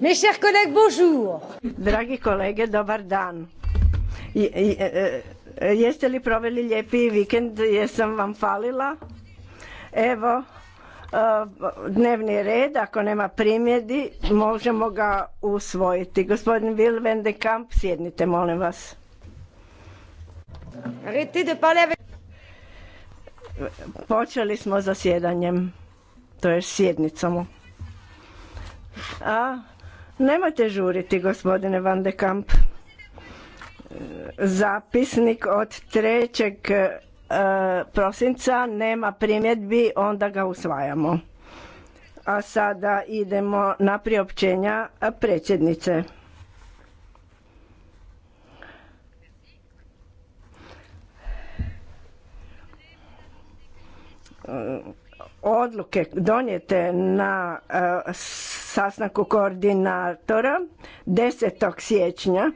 Mes chers collègues, Dragi kolege, dobar dan. E, e, jeste li proveli lijepi vikend? Jesam vam falila? Evo, e, dnevni red, ako nema primjedi, možemo ga usvojiti. Gospodin Wil van de Kamp, sjednite, molim vas. Počeli smo zasjedanjem, to je sjednicom. A Nemojte žuriti, gospodine Van de Kamp. E, zapisnik od 3. E, prosinca nema primjedbi, onda ga usvajamo. A sada idemo na priopćenja predsjednice odluke donijete na e, sastanku koordinatora 10. siječnja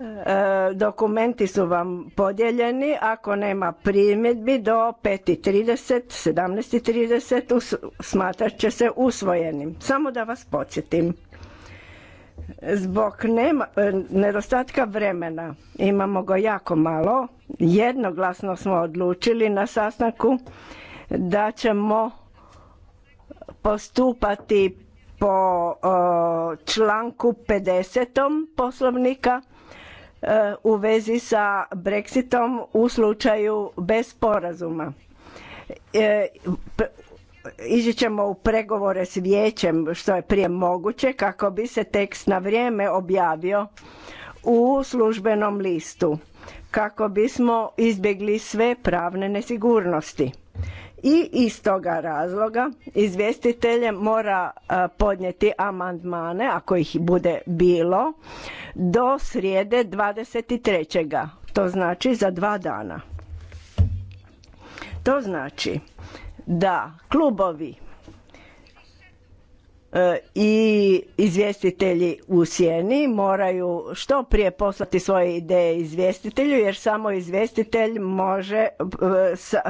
e, dokumenti su vam podijeljeni ako nema primjedbi do 5.30 17.30 smatrat će se usvojenim samo da vas podsjetim zbog nema, e, nedostatka vremena imamo ga jako malo jednoglasno smo odlučili na sastanku da ćemo postupati po članku 50. poslovnika e, u vezi sa Brexitom u slučaju bez sporazuma. E, ići ćemo u pregovore s vijećem što je prije moguće kako bi se tekst na vrijeme objavio u službenom listu kako bismo izbjegli sve pravne nesigurnosti. I iz toga razloga izvjestitelj mora podnijeti amandmane, ako ih bude bilo, do srijede 23. To znači za dva dana. To znači da klubovi i izvjestitelji u sjeni moraju što prije poslati svoje ideje izvjestitelju jer samo izvjestitelj može e,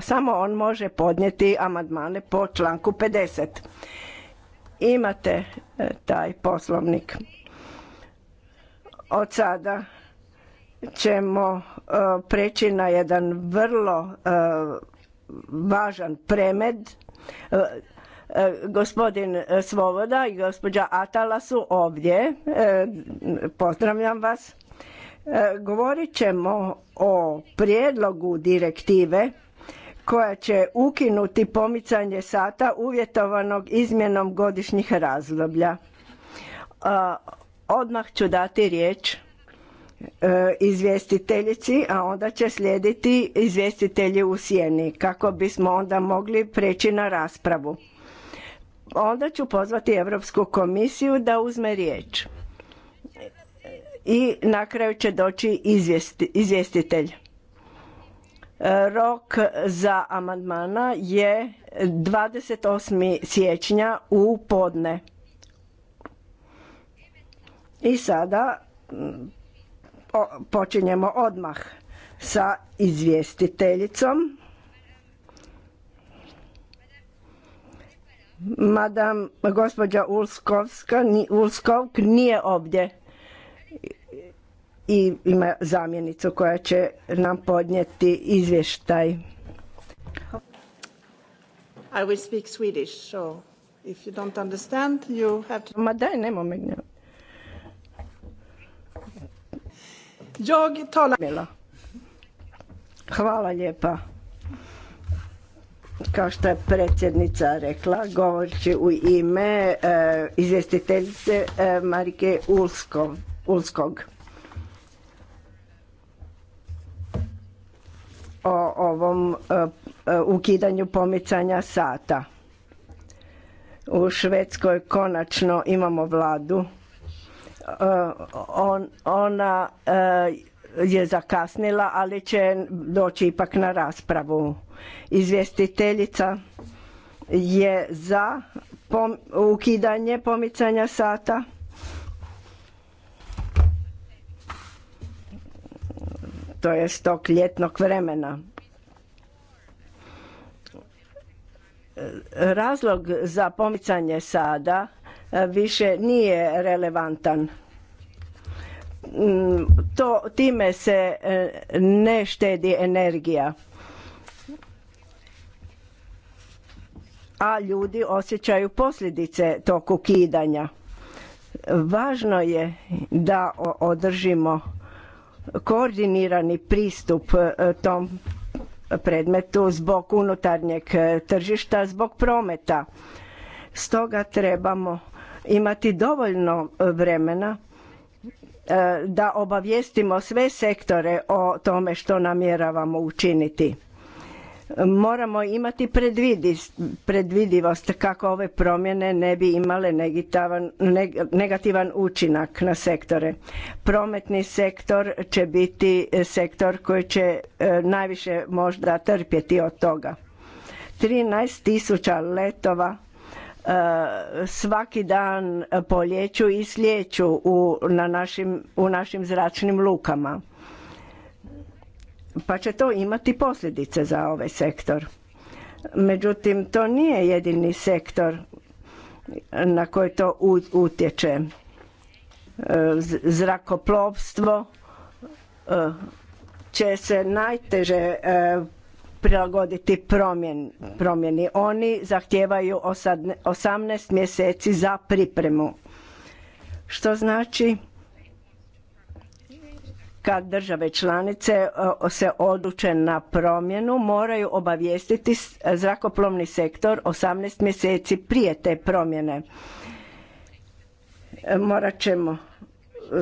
samo on može podnijeti amandmane po članku 50. Imate e, taj poslovnik. Od sada ćemo e, preći na jedan vrlo važan premed E, gospodin e, Svoboda i gospođa Atala su ovdje. E, pozdravljam vas. Govorit ćemo o prijedlogu direktive koja će ukinuti pomicanje sata uvjetovanog izmjenom godišnjih razdoblja. Odmah ću dati riječ izvjestiteljici, a onda će slijediti izvjestitelji u sjeni kako bismo onda mogli preći na raspravu onda ću pozvati Europsku komisiju da uzme riječ. I na kraju će doći izvjestitelj. E, rok za amandmana je 28. siječnja u podne. I sada mm, počinjemo odmah sa izvjestiteljicom. Madam, gospođa Ulskovska, Ulskovk nije ovdje i ima zamjenicu koja će nam podnijeti izvještaj. I will speak Swedish, so if you don't understand, you have to... Ma daj, nemo me Jag talar... Hvala lijepa kao što je predsjednica rekla, će u ime e, izvjestiteljice e, Marike Ulskog. O ovom e, ukidanju pomicanja sata. U Švedskoj konačno imamo vladu. ona je zakasnila, ali će doći ipak na raspravu Izvjestiteljica je za ukidanje pomicanja sata. To je stok ljetnog vremena. Razlog za pomicanje sada više nije relevantan. Mm, to time se e, ne štedi energija. a ljudi osjećaju posljedice tog ukidanja. Važno je da održimo koordinirani pristup e, tom predmetu zbog unutarnjeg e, tržišta, zbog prometa. Stoga trebamo imati dovoljno e, vremena da obavijestimo sve sektore o tome što namjeravamo učiniti moramo imati predvidivost kako ove promjene ne bi imale negativan učinak na sektore. Prometni sektor će biti sektor koji će e, najviše možda trpjeti od toga. 13 tisuća letova e, svaki dan poljeću i slijeću u, na našim, u našim zračnim lukama pa će to imati posljedice za ovaj sektor. Međutim, to nije jedini sektor na koji to utječe. E, zrakoplovstvo e, će se najteže e, prilagoditi promjen, promjeni. Oni zahtijevaju 18 mjeseci za pripremu. Što znači kad države članice e, se odluče na promjenu moraju obavijestiti e, zrakoplovni sektor 18 mjeseci prije te promjene. E, morat ćemo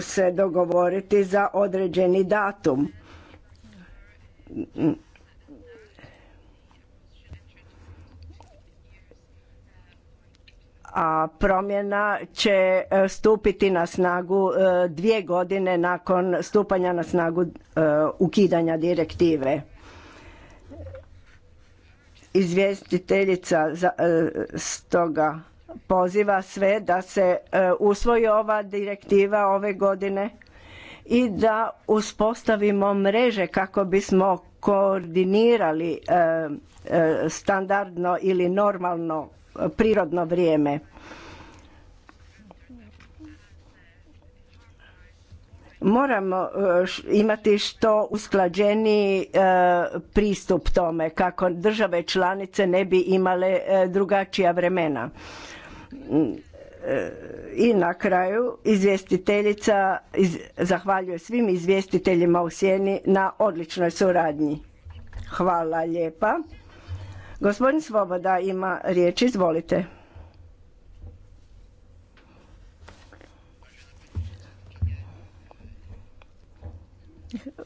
se dogovoriti za određeni datum a promjena će e, stupiti na snagu e, dvije godine nakon stupanja na snagu e, ukidanja direktive. Izvjestiteljica stoga poziva sve da se usvoji ova direktiva ove godine i da uspostavimo mreže kako bismo koordinirali standardno ili normalno prirodno vrijeme. moramo e, imati što usklađeni e, pristup tome kako države članice ne bi imale e, drugačija vremena. Mm, I na kraju izvjestiteljica zahvaljuje svim izvjestiteljima u sjeni na odličnoj suradnji. Hvala lijepa. Gospodin Svoboda ima riječ, izvolite.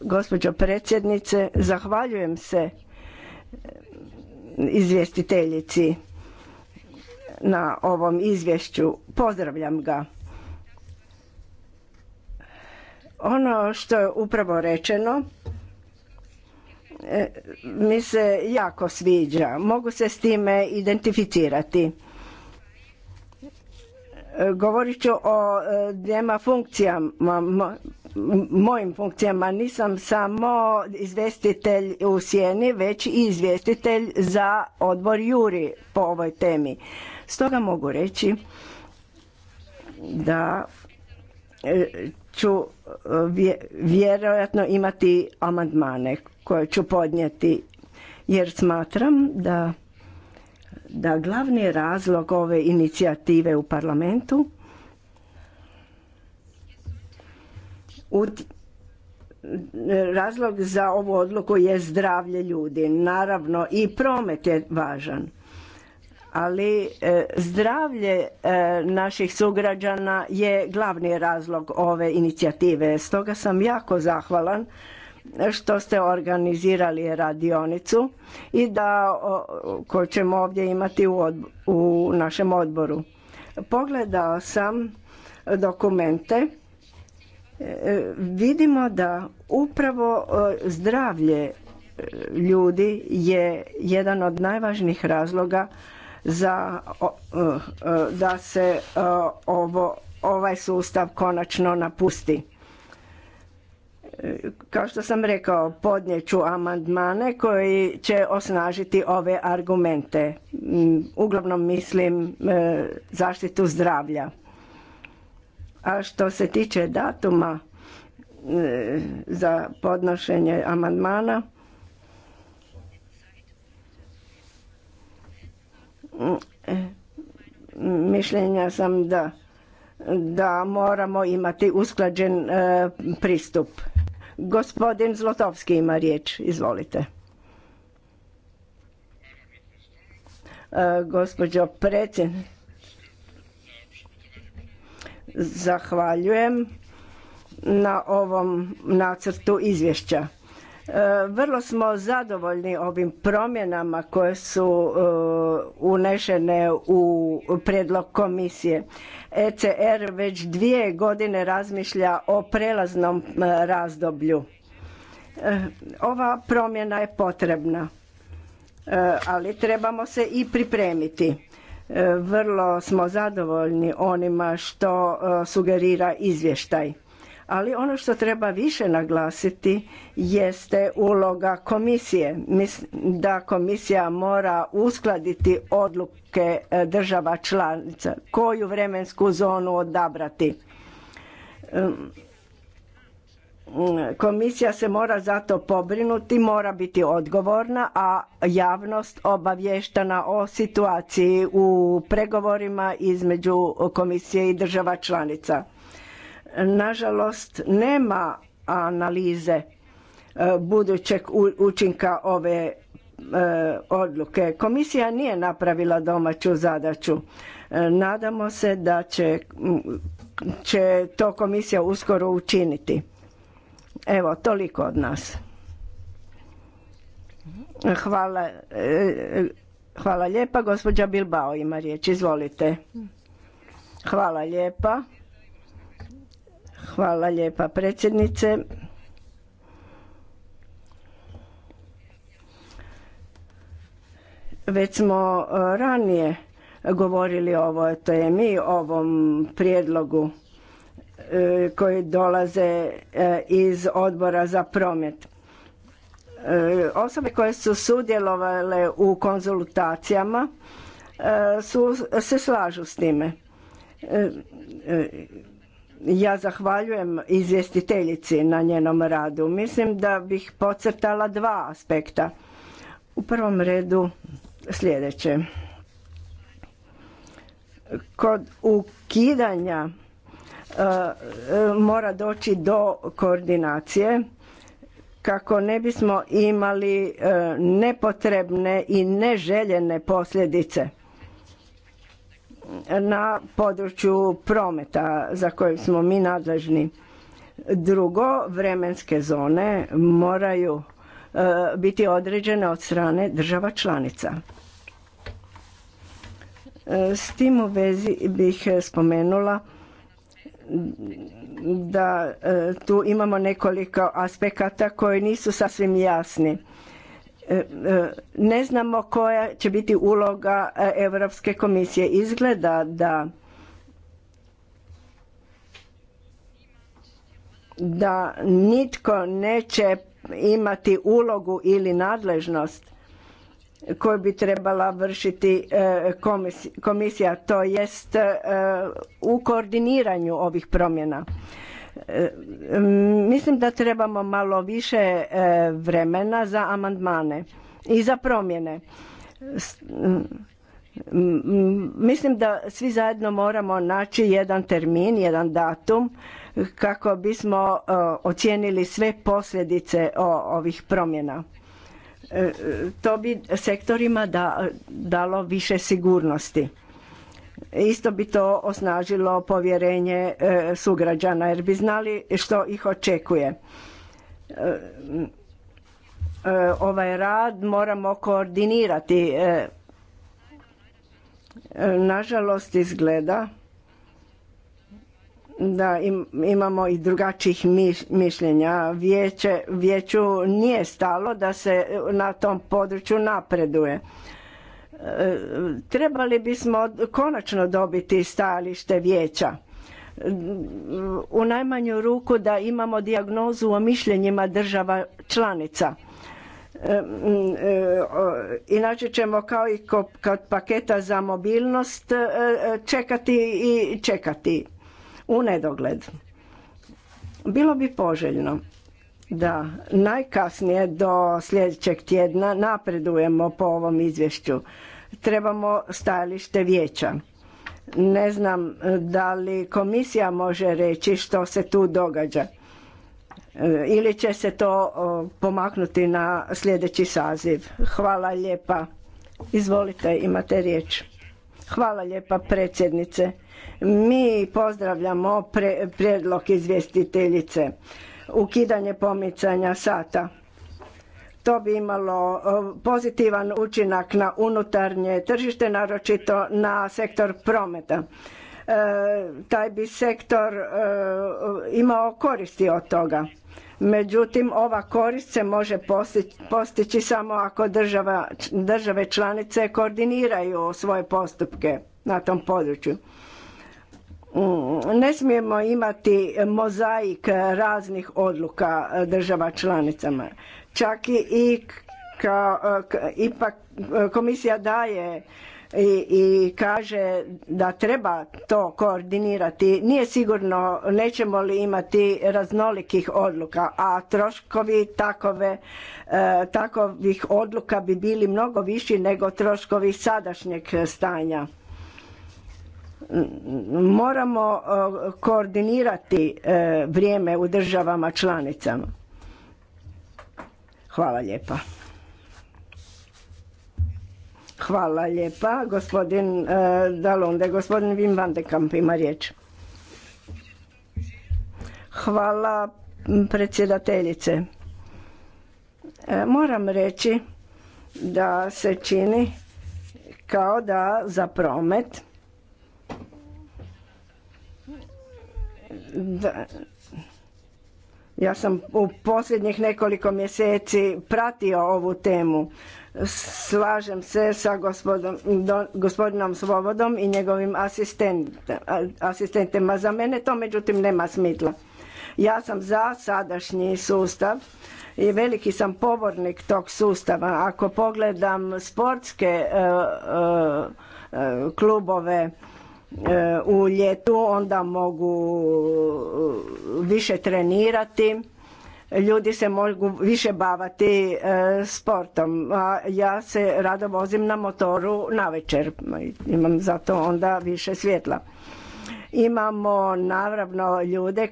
Gospođo predsjednice, zahvaljujem se izvjestiteljici na ovom izvješću. Pozdravljam ga. Ono što je upravo rečeno E, mi se jako sviđa. Mogu se s time identificirati. E, govorit ću o e, dvijema funkcijama, mojim funkcijama. Nisam samo izvjestitelj u Sjeni, već i izvjestitelj za odbor Juri po ovoj temi. Stoga mogu reći da ću e, vjerojatno imati amandmane koje ću podnijeti jer smatram da, da glavni razlog ove inicijative u parlamentu razlog za ovu odluku je zdravlje ljudi. Naravno i promet je važan ali e, zdravlje e, naših sugrađana je glavni razlog ove inicijative. Stoga sam jako zahvalan što ste organizirali radionicu i da koju ćemo ovdje imati u, u našem odboru. Pogledao sam dokumente e, vidimo da upravo zdravlje ljudi je jedan od najvažnijih razloga za e, e, da se e, ovo, ovaj sustav konačno napusti. Kao što sam rekao, podnijet amandmane koji će osnažiti ove argumente. Mm, uglavnom mislim zaštitu zdravlja. A što se tiče datuma za podnošenje amandmana, mišljenja sam da, da moramo imati usklađen e, pristup. Gospodin Zlotovski ima riječ, izvolite. E, gospođo zahvaljujem na ovom nacrtu izvješća. E, vrlo smo zadovoljni ovim promjenama koje su e, unešene u prijedlog komisije. ECR već dvije godine razmišlja o prelaznom e, razdoblju. Ova promjena je potrebna, ali trebamo se i pripremiti. Vrlo smo zadovoljni onima što sugerira izvještaj ali ono što treba više naglasiti jeste uloga komisije da komisija mora uskladiti odluke e, država članica koju vremensku zonu odabrati komisija se mora zato pobrinuti mora biti odgovorna a javnost obavještana o situaciji u pregovorima između komisije i država članica nažalost nema analize e, budućeg učinka ove e, odluke. Komisija nije napravila domaću zadaću. E, nadamo se da će, će to komisija uskoro učiniti. Evo, toliko od nas. Hvala, hvala lijepa. Gospođa Bilbao ima riječ. Izvolite. Hvala lijepa. Hvala lijepa predsjednice. Već smo e, ranije govorili o ovoj temi, o ovom prijedlogu e, koji dolaze e, iz odbora za promet. Osobe koje su sudjelovale u konzultacijama su, se slažu s time ja zahvaljujem izvjestiteljici na njenom radu. Mislim da bih podcrtala dva aspekta. U prvom redu sljedeće. Kod ukidanja e, e, mora doći do koordinacije kako ne bismo imali e, nepotrebne i neželjene posljedice na području prometa za kojim smo mi nadležni. Drugo, vremenske zone moraju e, biti određene od strane država članica. E, s tim u vezi bih spomenula da e, tu imamo nekoliko aspekata koji nisu sasvim jasni. E, e, ne znamo koja će biti uloga e, Europske komisije. Izgleda da da nitko neće imati ulogu ili nadležnost koju bi trebala vršiti komisija, to jest u koordiniranju ovih promjena. Mislim da trebamo malo više e, vremena za amandmane i za promjene. Mislim da svi zajedno moramo naći jedan termin, jedan datum kako bismo e, ocijenili sve posljedice ovih promjena. E, to bi sektorima dalo više sigurnosti. Isto bi to osnažilo povjerenje e, sugrađana jer bi znali što ih očekuje. E, e, ovaj rad moramo koordinirati. Nažalost izgleda da imamo i drugačijih mišljenja. vijeću nije stalo da se na tom području napreduje. Trebali bismo konačno dobiti stajalište vijeća u najmanju ruku da imamo dijagnozu o mišljenjima država članica. Inače ćemo kao i kod paketa za mobilnost e, čekati i čekati u nedogled. Bilo bi poželjno da najkasnije do sljedećeg tjedna napredujemo po ovom izvješću trebamo stajalište vijeća. Ne znam e, da li komisija može reći što se tu događa e, ili će se to pomaknuti na sljedeći saziv. Hvala lijepa. Izvolite, imate riječ. Hvala lijepa predsjednice. Mi pozdravljamo predlog prijedlog izvjestiteljice. Ukidanje pomicanja sata to bi imalo e, pozitivan učinak na unutarnje tržište, naročito na sektor prometa. E, taj bi sektor e, imao koristi od toga. Međutim, ova korist se može postići, samo ako država, države članice koordiniraju svoje postupke na tom području. Mm, ne smijemo imati mozaik raznih odluka država članicama čak i kao, ipak komisija daje i, i kaže da treba to koordinirati nije sigurno nećemo li imati raznolikih odluka a troškovi takove, e, takovih odluka bi bili mnogo viši nego troškovi sadašnjeg stanja moramo e, koordinirati e, vrijeme u državama članicama Hvala lijepa. Hvala lijepa. Gospodin e, Dalonde, gospodin Wim van de Kamp ima riječ. Hvala predsjedateljice. E, moram reći da se čini kao da za promet da, ja sam u posljednjih nekoliko mjeseci pratio ovu temu. Slažem se sa gospodinom Svobodom i njegovim asistentima. Za mene to međutim nema smisla. Ja sam za sadašnji sustav i veliki sam pobornik tog sustava. Ako pogledam sportske e, e, e, klubove E, u ljetu, onda mogu e, više trenirati, ljudi se mogu više bavati e, sportom. A ja se rado vozim na motoru večer, imam zato onda više svjetla. Imamo naravno ljude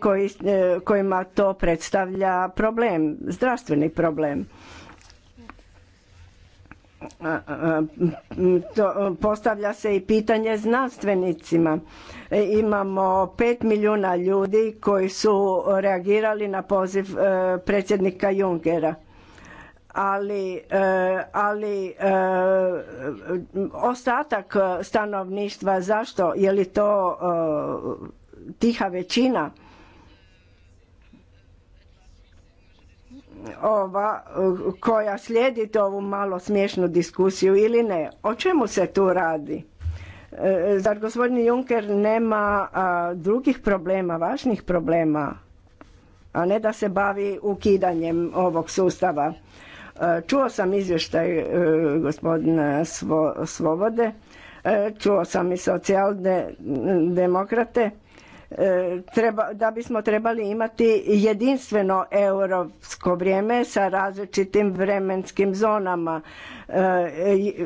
kojima to predstavlja problem, zdravstveni problem to postavlja se i pitanje znanstvenicima. E, imamo pet milijuna ljudi koji su reagirali na poziv e, predsjednika Jungera Ali, e, ali ostatak stanovništva zašto je li to tiha većina? ova koja slijedi ovu malo smiješnu diskusiju ili ne. O čemu se tu radi? E, zar gospodin Juncker nema drugih problema, važnih problema, a ne da se bavi ukidanjem ovog sustava? E, čuo sam izvještaj e, gospodina Svo, Svobode, čuo sam i socijalne demokrate E, treba, da bismo trebali imati jedinstveno europsko vrijeme sa različitim vremenskim zonama e,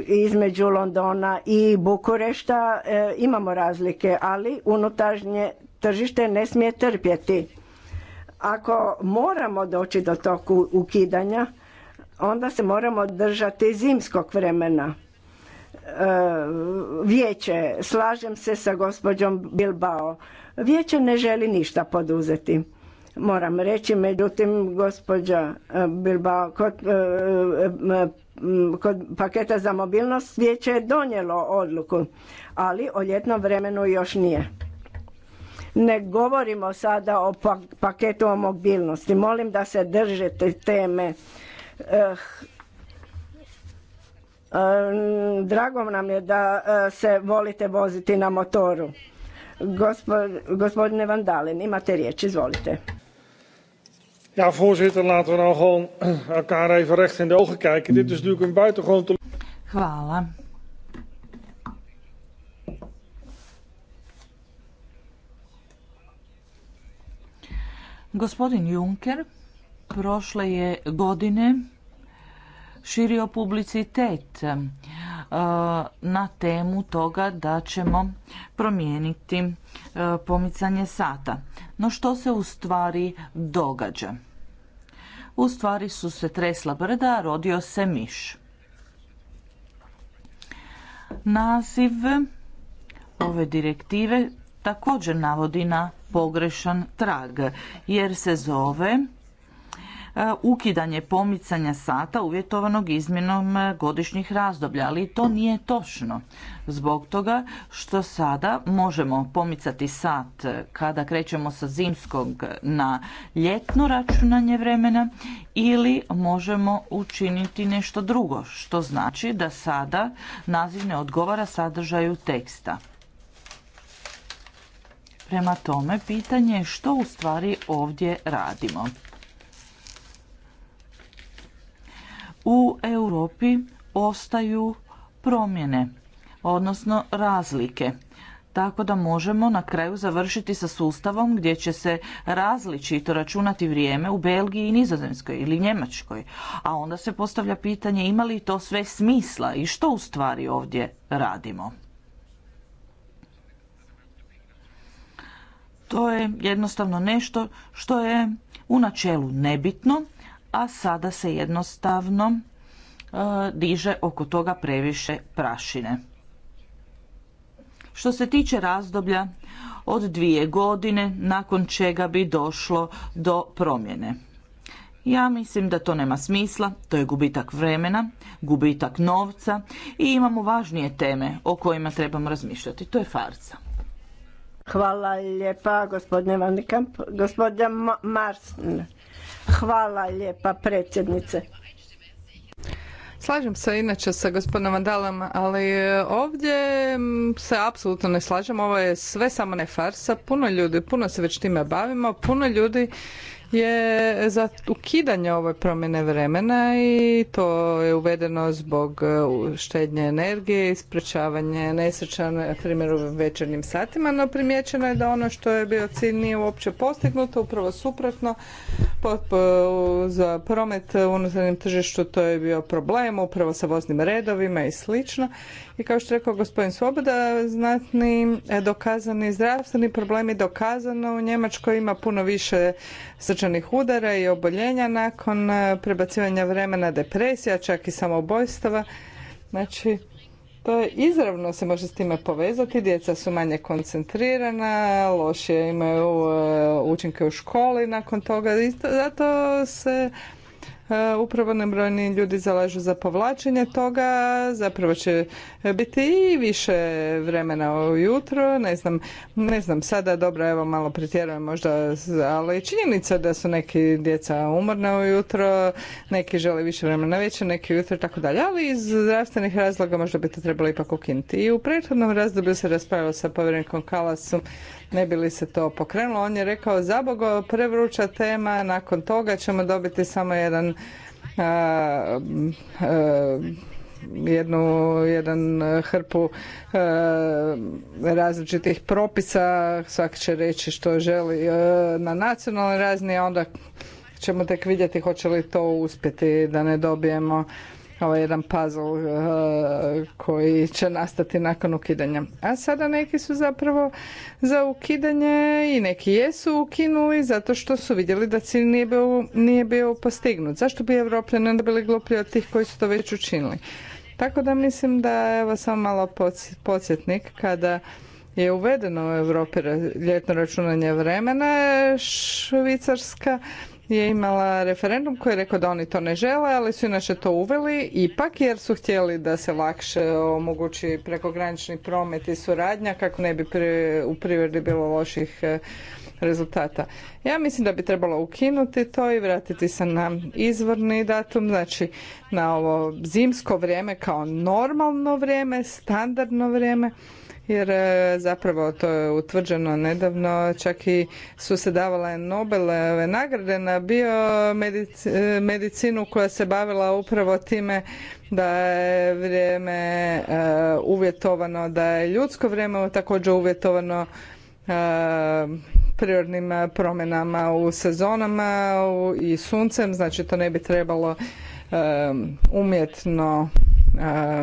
između Londona i Bukurešta e, imamo razlike, ali unutarnje tržište ne smije trpjeti. Ako moramo doći do tog ukidanja, onda se moramo držati zimskog vremena E, vijeće, slažem se sa gospođom Bilbao, vijeće ne želi ništa poduzeti. Moram reći, međutim, gospođa e, Bilbao, kod, e, kod paketa za mobilnost vijeće je donijelo odluku, ali o ljetnom vremenu još nije. Ne govorimo sada o paketu o mobilnosti. Molim da se držite teme eh, Drago nam je da e, se volite voziti na motoru. Gospodine Van Dalen, imate riječ, izvolite. Ja, voorzitter, laten we nou gewoon elkaar even recht in de ogen kijken. Dit is natuurlijk een buitengewoon te... Hvala. Gospodin Juncker prošle je godine širio publicitet eh, na temu toga da ćemo promijeniti eh, pomicanje sata. No što se u stvari događa? U stvari su se tresla brda, rodio se miš. Naziv ove direktive također navodi na pogrešan trag jer se zove E, ukidanje pomicanja sata uvjetovanog izmjenom e, godišnjih razdoblja, ali to nije točno. Zbog toga što sada možemo pomicati sat e, kada krećemo sa zimskog na ljetno računanje vremena ili možemo učiniti nešto drugo, što znači da sada naziv ne odgovara sadržaju teksta. Prema tome, pitanje je što u stvari ovdje radimo. u Europi ostaju promjene, odnosno razlike. Tako da možemo na kraju završiti sa sustavom gdje će se različito računati vrijeme u Belgiji i Nizozemskoj ili Njemačkoj. A onda se postavlja pitanje ima li to sve smisla i što u stvari ovdje radimo. To je jednostavno nešto što je u načelu nebitno, a sada se jednostavno e, diže oko toga previše prašine. Što se tiče razdoblja od dvije godine nakon čega bi došlo do promjene. Ja mislim da to nema smisla, to je gubitak vremena, gubitak novca i imamo važnije teme o kojima trebamo razmišljati. To je farca. Hvala lijepa gospodine Van Mars. Hvala lijepa predsjednice. Slažem se inače sa gospodinom Vandalom, ali eh, ovdje mm, se apsolutno ne slažem. Ovo je sve samo ne farsa. Puno ljudi, puno se već time bavimo, puno ljudi je za ukidanje ove promjene vremena i to je uvedeno zbog e, štednje energije i sprečavanje nesreća, na primjer u večernjim satima, no primjećeno je da ono što je bio cilj nije uopće postignuto, upravo suprotno, za promet u unutarnjem tržištu to je bio problem, upravo sa voznim redovima i slično. I kao što je rekao gospodin Svoboda, znatni e, dokazani zdravstveni problemi dokazano u Njemačkoj ima puno više srčanih srčanih udara i oboljenja nakon e, prebacivanja vremena, depresija, čak i samoubojstava. Znači, to je izravno se može s time povezati, djeca su manje koncentrirana, lošije imaju e, učinke u školi nakon toga, zato se E, upravo nebrojni brojni ljudi zalažu za povlačenje toga, zapravo će biti i više vremena ujutro, ne znam, ne znam sada, dobro, evo malo pretjerujem možda, ali činjenica da su neki djeca umorna ujutro, neki žele više vremena večer, neki ujutro, tako dalje, ali iz zdravstvenih razloga možda bi to trebalo ipak ukinuti. I u prethodnom razdoblju se raspravljalo sa povjerenikom Kalasom ne bi li se to pokrenulo. On je rekao, zabogo, prevruća tema, nakon toga ćemo dobiti samo jedan a, jednu, jedan hrpu različitih propisa, svak će reći što želi na nacionalnoj razini, a onda ćemo tek vidjeti hoće li to uspjeti da ne dobijemo kao jedan puzzle uh, koji će nastati nakon ukidanja. A sada neki su zapravo za ukidanje i neki jesu ukinuli zato što su vidjeli da cilj nije bio, postignut. Zašto bi Evropljani ne bili gluplji od tih koji su to već učinili? Tako da mislim da, evo samo malo podsjetnik, kada je uvedeno u Europi ljetno računanje vremena, Švicarska je imala referendum koji je rekao da oni to ne žele, ali su inače to uveli ipak jer su htjeli da se lakše omogući prekogranični promet i suradnja kako ne bi u privredi bilo loših e, rezultata. Ja mislim da bi trebalo ukinuti to i vratiti se na izvorni datum, znači na ovo zimsko vrijeme kao normalno vrijeme, standardno vrijeme jer e, zapravo to je utvrđeno nedavno, čak i su se davale Nobelove nagrade na biomedicinu e, koja se bavila upravo time da je vrijeme e, uvjetovano, da je ljudsko vrijeme također uvjetovano prirodnim promjenama u sezonama i suncem, znači to ne bi trebalo umjetno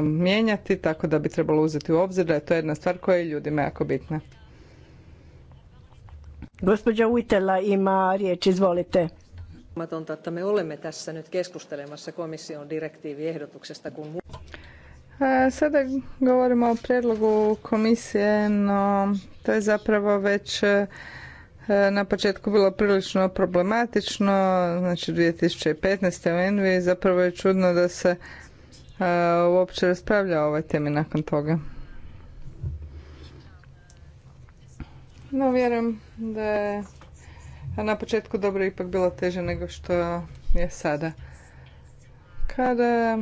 mijenjati, tako da bi trebalo uzeti u obzir da je to jedna stvar koja je ljudima jako bitna. Gospođa Uitela ima riječ, izvolite. me Sada govorimo o predlogu komisije, no to je zapravo već e, na početku bilo prilično problematično, znači 2015. u Envi, zapravo je čudno da se E, uopće raspravlja o ovoj temi nakon toga. No, vjerujem da je na početku dobro ipak bilo teže nego što je sada. Kada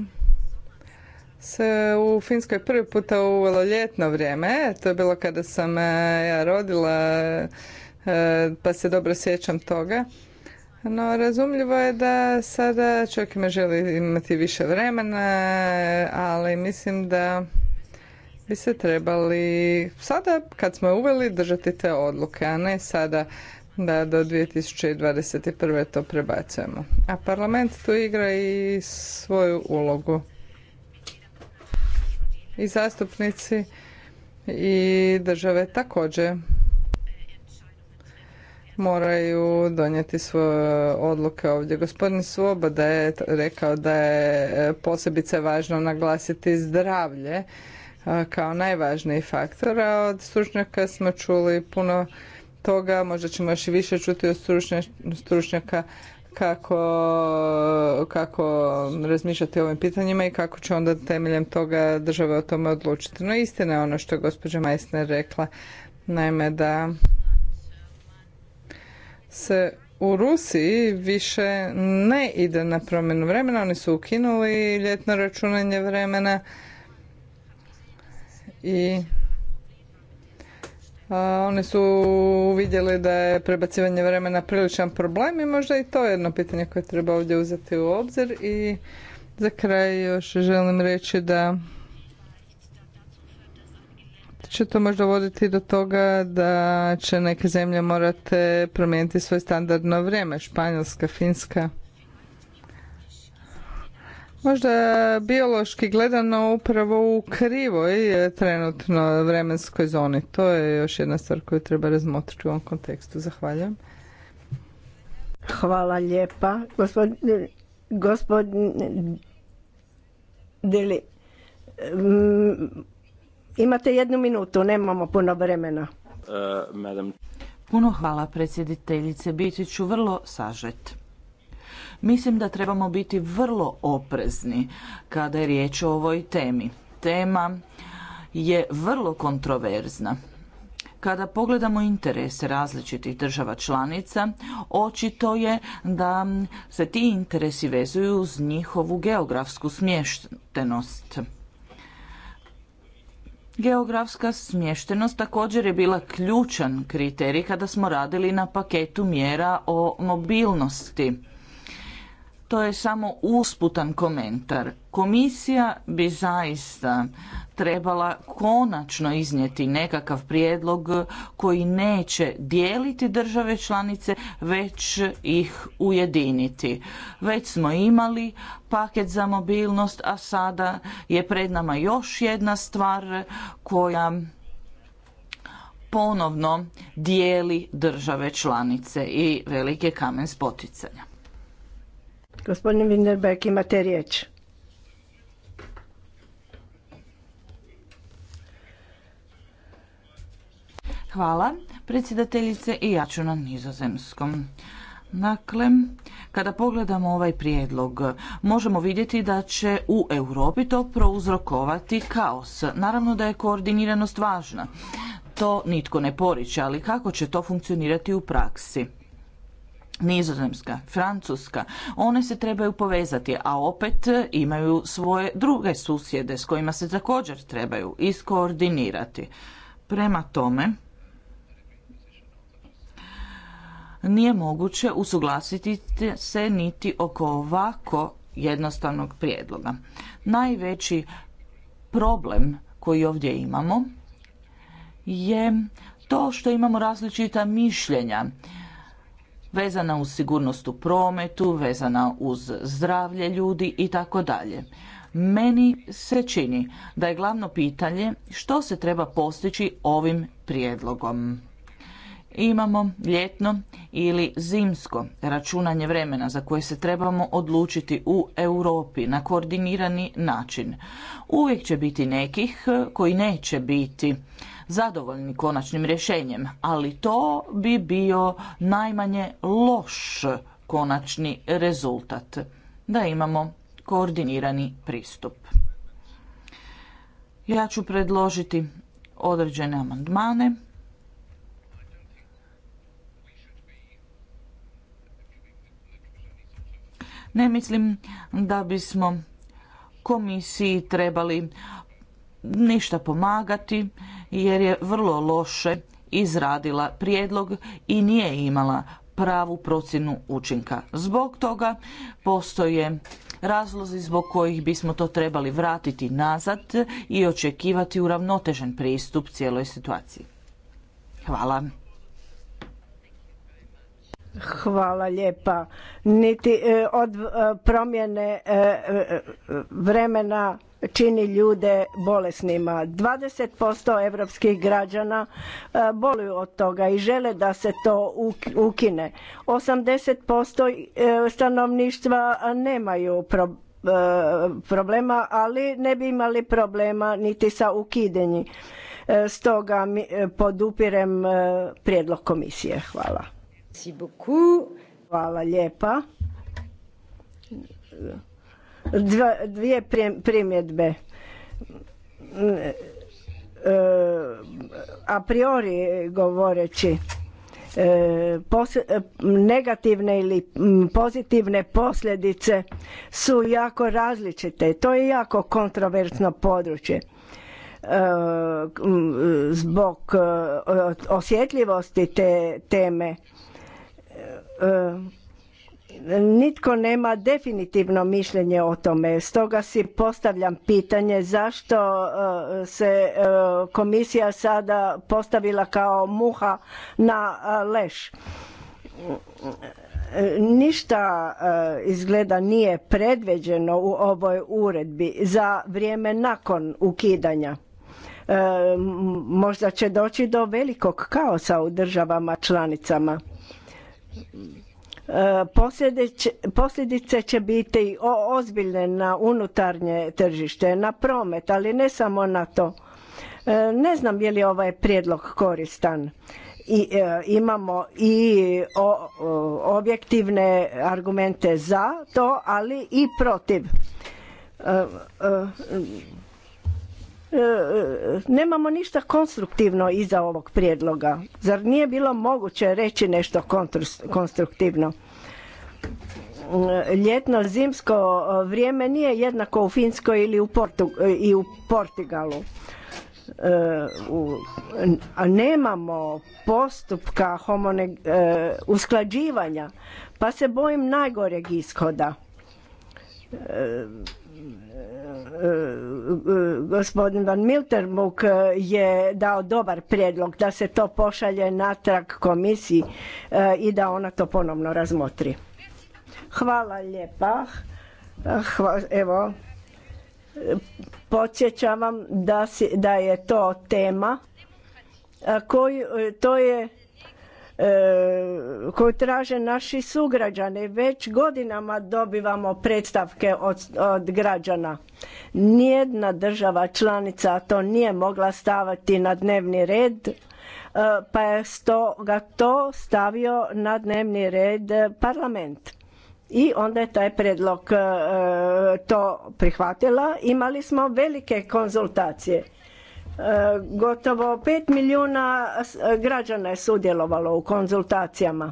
se u Finskoj prvi puta uvelo ljetno vrijeme, to je bilo kada sam e, ja rodila, e, pa se dobro sjećam toga, no, razumljivo je da sada čovjek ima želi imati više vremena, ali mislim da bi se trebali sada kad smo uveli držati te odluke, a ne sada da do 2021. to prebacujemo. A parlament tu igra i svoju ulogu. I zastupnici i države također moraju donijeti svoje odluke ovdje. Gospodin Svoboda je rekao da je e, posebice važno naglasiti zdravlje e, kao najvažniji faktor, a od stručnjaka smo čuli puno toga, možda ćemo još i više čuti od stručnjaka kako, kako razmišljati o ovim pitanjima i kako će onda temeljem toga države o tome odlučiti. No istina je ono što je gospođa Meissner rekla, naime da se u Rusiji više ne ide na promjenu vremena, oni su ukinuli ljetno računanje vremena i oni su uvidjeli da je prebacivanje vremena priličan problem i možda i to je jedno pitanje koje treba ovdje uzeti u obzir i za kraj još želim reći da će to možda voditi do toga da će neke zemlje morate promijeniti svoje standardno vrijeme, Španjolska, Finska. Možda biološki gledano upravo u krivoj trenutno vremenskoj zoni. To je još jedna stvar koju treba razmotriti u ovom kontekstu. Zahvaljujem. Hvala lijepa. Gospodin, Imate jednu minutu, nemamo puno vremena. E, puno hvala predsjediteljice, biti ću vrlo sažet. Mislim da trebamo biti vrlo oprezni kada je riječ o ovoj temi. Tema je vrlo kontroverzna. Kada pogledamo interese različitih država članica, očito je da se ti interesi vezuju uz njihovu geografsku smještenost. Geografska smještenost također je bila ključan kriterij kada smo radili na paketu mjera o mobilnosti. To je samo usputan komentar. Komisija bi zaista trebala konačno iznijeti nekakav prijedlog koji neće dijeliti države članice, već ih ujediniti. Već smo imali paket za mobilnost, a sada je pred nama još jedna stvar koja ponovno dijeli države članice i velike kamen spoticanja. Gospodin Winderberg, imate riječ. Hvala, predsjedateljice, i ja ću na nizozemskom. Dakle, kada pogledamo ovaj prijedlog, možemo vidjeti da će u Europi to prouzrokovati kaos. Naravno da je koordiniranost važna. To nitko ne poriče, ali kako će to funkcionirati u praksi? Nizozemska, Francuska, one se trebaju povezati, a opet imaju svoje druge susjede s kojima se također trebaju iskoordinirati. Prema tome, nije moguće usuglasiti se niti oko ovako jednostavnog prijedloga. Najveći problem koji ovdje imamo je to što imamo različita mišljenja vezana uz sigurnost u prometu, vezana uz zdravlje ljudi i tako dalje. Meni se čini da je glavno pitanje što se treba postići ovim prijedlogom. Imamo ljetno ili zimsko računanje vremena za koje se trebamo odlučiti u Europi na koordinirani način. Uvijek će biti nekih koji neće biti zadovoljni konačnim rješenjem, ali to bi bio najmanje loš konačni rezultat da imamo koordinirani pristup. Ja ću predložiti određene amandmane Ne mislim da bismo komisiji trebali ništa pomagati jer je vrlo loše izradila prijedlog i nije imala pravu procjenu učinka. Zbog toga postoje razlozi zbog kojih bismo to trebali vratiti nazad i očekivati uravnotežen pristup cijeloj situaciji. Hvala. Hvala lijepa. Niti e, od e, promjene e, vremena čini ljude bolesnima. 20% evropskih građana boluju od toga i žele da se to ukine. 80% stanovništva nemaju problema, ali ne bi imali problema niti sa ukidanjem. Stoga podupirem prijedlog komisije. Hvala. Merci beaucoup. Hvala lijepa. Dvije primjedbe. E, a priori govoreći, e, e, negativne ili pozitivne posljedice su jako različite. To je jako kontroversno područje zbog osjetljivosti te teme E, nitko nema definitivno mišljenje o tome. Stoga si postavljam pitanje zašto e, se e, komisija sada postavila kao muha na leš. Ništa izgleda nije predveđeno u ovoj uredbi za vrijeme nakon ukidanja. Možda će doći do velikog kaosa u državama članicama E, posljedice će biti ozbiljne na unutarnje tržište, na promet, ali ne samo na to. E, ne znam je li ovaj prijedlog koristan. I, e, imamo i objektivne argumente za to, ali i protiv E, e, nemamo ništa konstruktivno iza ovog prijedloga. Zar nije bilo moguće reći nešto konstruktivno? E, ljetno zimsko vrijeme nije jednako u Finskoj ili u Portu, i u Portugalu. A nemamo postupka homone, usklađivanja, pa se bojim najgoreg ishoda gospodin Van Miltermuk je dao dobar prijedlog da se to pošalje natrag komisiji eh, i da ona to ponovno razmotri. Hvala lijepa. evo, podsjećam da, da je to tema koju, to je E, koju traže naši sugrađani. Već godinama dobivamo predstavke od, građana. Nijedna država članica to nije mogla staviti na dnevni red, e, pa je stoga to stavio na dnevni red parlament. I onda je taj predlog e, to prihvatila. Imali smo velike konzultacije Gotovo pet milijuna građana je sudjelovalo u konzultacijama.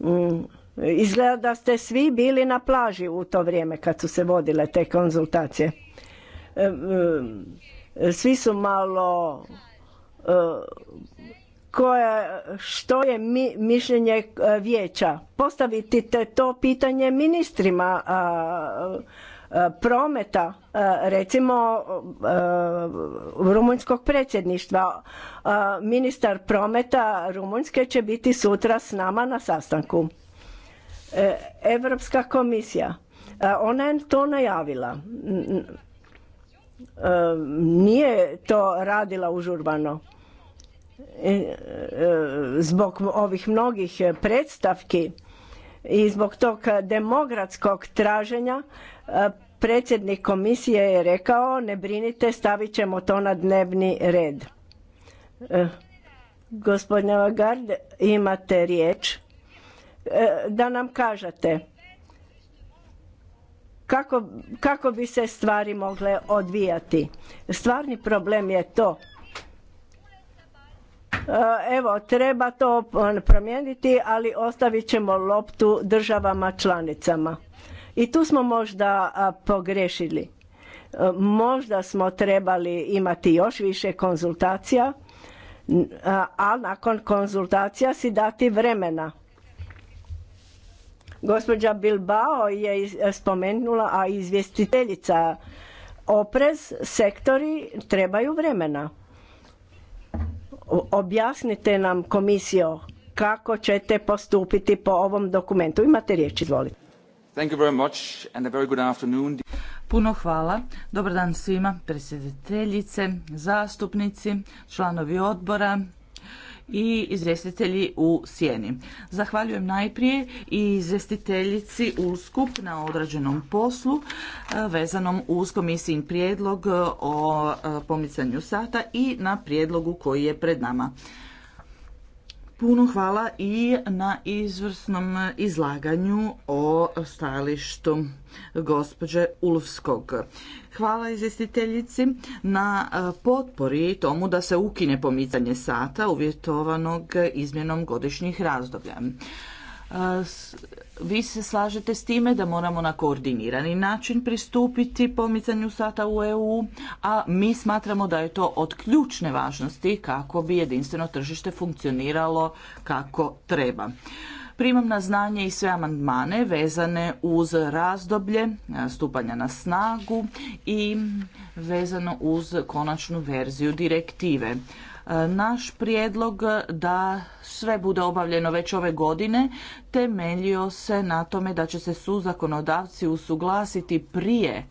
Mm, izgleda da ste svi bili na plaži u to vrijeme kad su se vodile te konzultacije. E, svi su malo e, koja, što je mišljenje e, vijeća. Postavite to pitanje ministrima E, prometa e, recimo e, rumunjskog predsjedništva ministar prometa rumunjske će biti sutra s nama na sastanku Europska komisija ona je to najavila nije to radila užurbano zbog ovih mnogih predstavki i zbog tog demokratskog traženja e, predsjednik komisije je rekao ne brinite stavit ćemo to na dnevni red. E, gospodine Lagarde, imate riječ e, da nam kažete kako, kako bi se stvari mogle odvijati. Stvarni problem je to Eh, evo, treba to eh, promijeniti, ali ostavit ćemo loptu državama članicama. I tu smo možda eh, pogrešili. Možda smo trebali imati još više konzultacija, a nakon konzultacija si dati vremena. Gospođa Bilbao je spomenula, a izvjestiteljica oprez, sektori trebaju vremena objasnite nam komisijo kako ćete postupiti po ovom dokumentu. Imate riječ, izvolite. Thank you very much and a very good afternoon. Puno hvala. Dobar dan svima, predsjedateljice, zastupnici, članovi odbora, i izvjestitelji u sjeni. Zahvaljujem najprije i izvjestiteljici USKUP na odrađenom poslu e, vezanom uz komisijin prijedlog e, o e, pomicanju sata i na prijedlogu koji je pred nama. Puno hvala i na izvrsnom izlaganju o stajalištu gospođe Ulfskog. Hvala izvjestiteljici na e, potpori tomu da se ukine pomicanje sata uvjetovanog izmjenom godišnjih razdoblja vi se slažete s time da moramo na koordinirani način pristupiti pomicanju sata u EU, a mi smatramo da je to od ključne važnosti kako bi jedinstveno tržište funkcioniralo kako treba. Primam na znanje i sve amandmane vezane uz razdoblje stupanja na snagu i vezano uz konačnu verziju direktive. Naš prijedlog da sve bude obavljeno već ove godine temeljio se na tome da će se su zakonodavci usuglasiti prije e,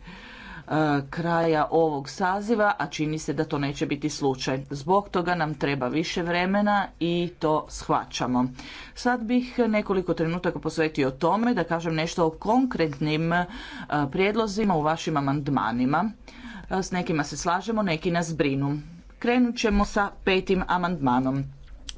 kraja ovog saziva, a čini se da to neće biti slučaj. Zbog toga nam treba više vremena i to shvaćamo. Sad bih nekoliko trenutaka posvetio tome da kažem nešto o konkretnim e, prijedlozima u vašim amandmanima. E, s nekima se slažemo, neki nas brinu. Krenut ćemo sa petim amandmanom.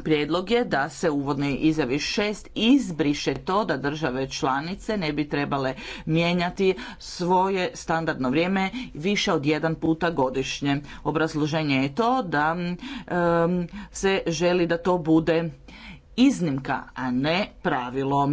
Prijedlog je da se uvodni izjavi šest izbriše to da države članice ne bi trebale mijenjati svoje standardno vrijeme više od jedan puta godišnje. Obrazloženje je to da se želi da to bude iznimka, a ne pravilo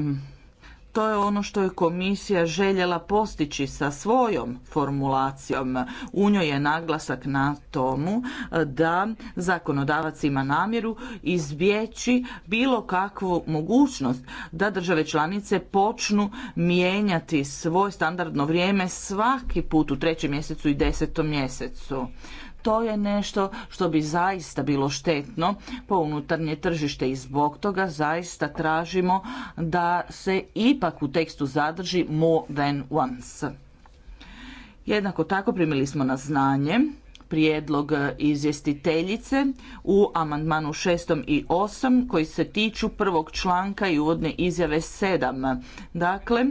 to je ono što je komisija željela postići sa svojom formulacijom. U njoj je naglasak na tomu eh, da zakonodavac ima namjeru izbjeći bilo kakvu mogućnost da države članice počnu mijenjati svoj standardno vrijeme svaki put u trećem mjesecu i desetom mjesecu to je nešto što bi zaista bilo štetno po unutarnje tržište i zbog toga zaista tražimo da se ipak u tekstu zadrži more than once. Jednako tako primili smo na znanje prijedlog izvjestiteljice u amandmanu 6. i 8. koji se tiču prvog članka i uvodne izjave 7. Dakle,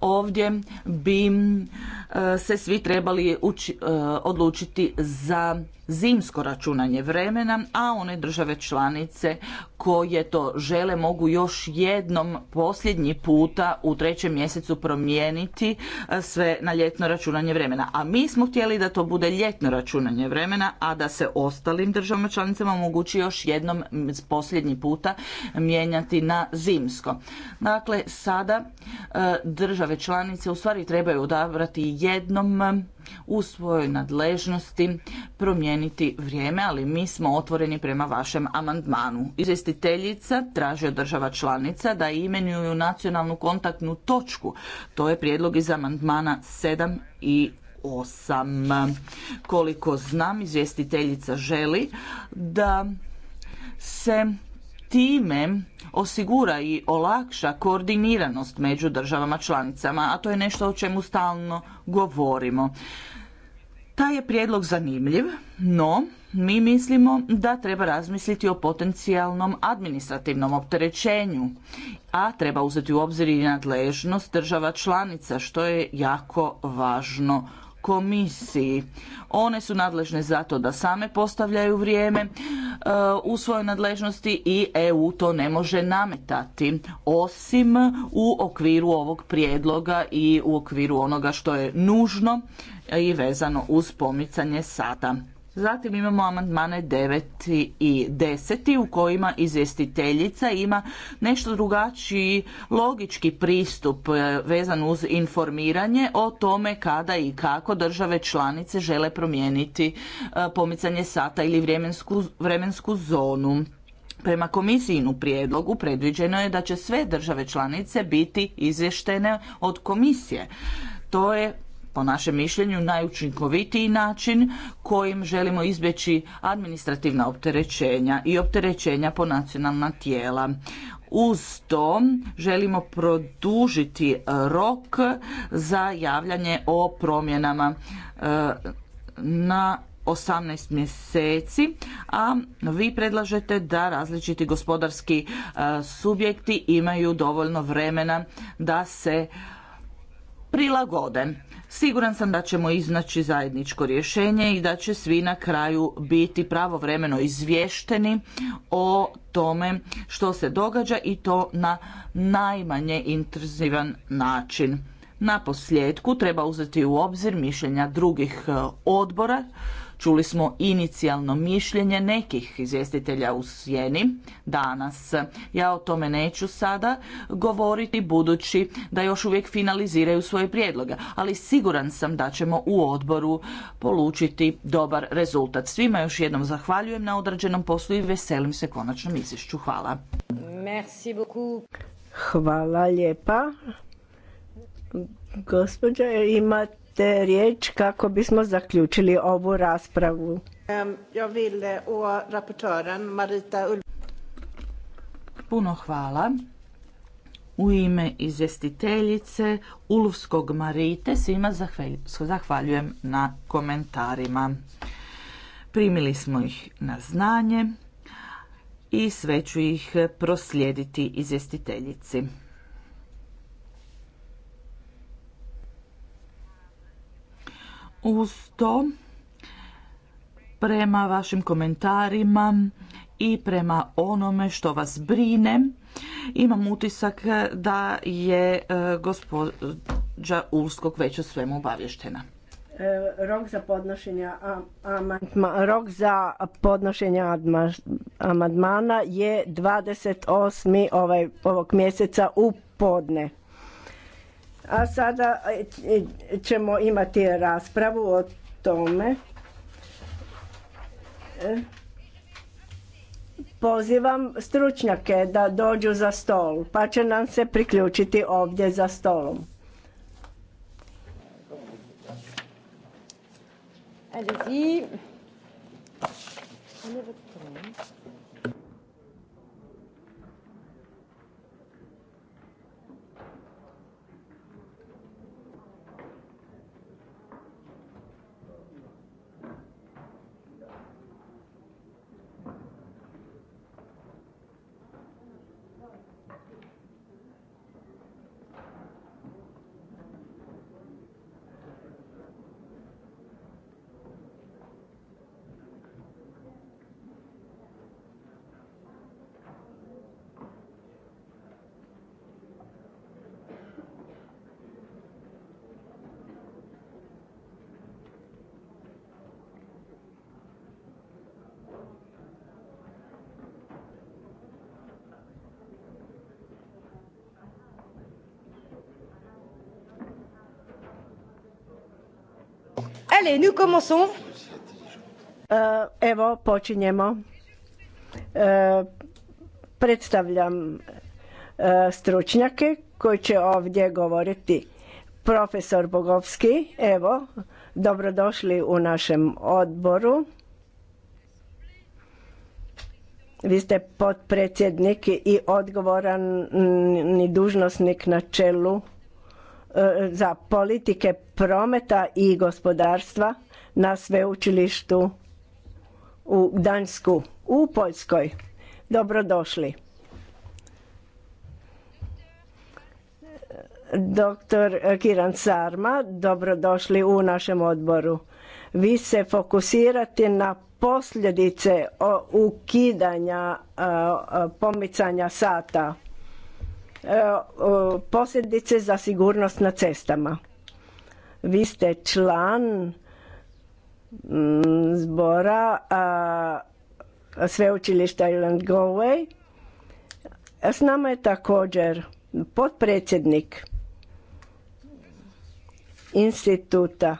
Ovdje bi e, se svi trebali uči, e, odlučiti za zimsko računanje vremena, a one države članice koje to žele mogu još jednom posljednji puta u trećem mjesecu promijeniti e, sve na ljetno računanje vremena. A mi smo htjeli da to bude ljetno računanje vremena, a da se ostalim državama članicama omogući još jednom posljednji puta mijenjati na zimsko. Dakle, sada e, države članice u stvari trebaju odabrati jednom u svojoj nadležnosti promijeniti vrijeme, ali mi smo otvoreni prema vašem amandmanu. Izvjestiteljica traži od država članica da imenuju nacionalnu kontaktnu točku. To je prijedlog iz amandmana 7 i 8. Koliko znam, izvjestiteljica želi da se time osigura i olakša koordiniranost među državama članicama, a to je nešto o čemu stalno govorimo. Taj je prijedlog zanimljiv, no mi mislimo da treba razmisliti o potencijalnom administrativnom opterećenju, a treba uzeti u obzir i nadležnost država članica, što je jako važno komisiji. One su nadležne za to da same postavljaju vrijeme e, u svojoj nadležnosti i EU to ne može nametati osim u okviru ovog prijedloga i u okviru onoga što je nužno i vezano uz pomicanje sata. Zatim imamo amandmane 9 i 10 u kojima izvjestiteljica ima nešto drugačiji logički pristup e, vezan uz informiranje o tome kada i kako države članice žele promijeniti e, pomicanje sata ili vremensku, vremensku zonu. Prema komisijinu prijedlogu predviđeno je da će sve države članice biti izvještene od komisije. To je po našem mišljenju najučinkovitiji način kojim želimo izbjeći administrativna opterećenja i opterećenja po nacionalna tijela. Uz to želimo produžiti rok za javljanje o promjenama e, na 18 mjeseci, a vi predlažete da različiti gospodarski e, subjekti imaju dovoljno vremena da se prilagode. Siguran sam da ćemo iznaći zajedničko rješenje i da će svi na kraju biti pravovremeno izvješteni o tome što se događa i to na najmanje intenzivan način. Na posljedku treba uzeti u obzir mišljenja drugih e, odbora Čuli smo inicijalno mišljenje nekih izvjestitelja u sjeni danas. Ja o tome neću sada govoriti budući da još uvijek finaliziraju svoje prijedloge, ali siguran sam da ćemo u odboru polučiti dobar rezultat. Svima još jednom zahvaljujem na odrađenom poslu i veselim se konačnom izvješću. Hvala. Hvala lijepa. Gospođa, riječ kako bismo zaključili ovu raspravu. Eh, Puno hvala. U ime izvjestiteljice Uluvskog Marite svima zahvaljujem na komentarima. Primili smo ih na znanje i sve ću ih proslijediti izvjestiteljici. Uz to, prema vašim komentarima i prema onome što vas brine, imam utisak da je e, gospođa Ulskog već o svemu obavještena. E, rok za podnošenje amandmana rok za podnošenje amandmana je 28. Ovaj, ovog mjeseca u podne. A sada e, e, ćemo imati raspravu o tome. E, pozivam stručnjake da dođu za stol, pa će nam se priključiti ovdje za stolom. allez nous Evo, počinjemo. E, predstavljam e, stručnjake koji će ovdje govoriti. Profesor Bogovski, evo, dobrodošli u našem odboru. Vi ste potpredsjednik i odgovoran dužnosnik na čelu E, za politike prometa i gospodarstva na sveučilištu u Gdansku u Poljskoj. Dobrodošli. Doktor Kiran Sarma, dobrodošli u našem odboru. Vi se fokusirate na posljedice ukidanja e, pomicanja sata E, posljedice za sigurnost na cestama. Vi ste član mm, zbora sveučilišta Ireland Galway. S nama je također potpredsjednik instituta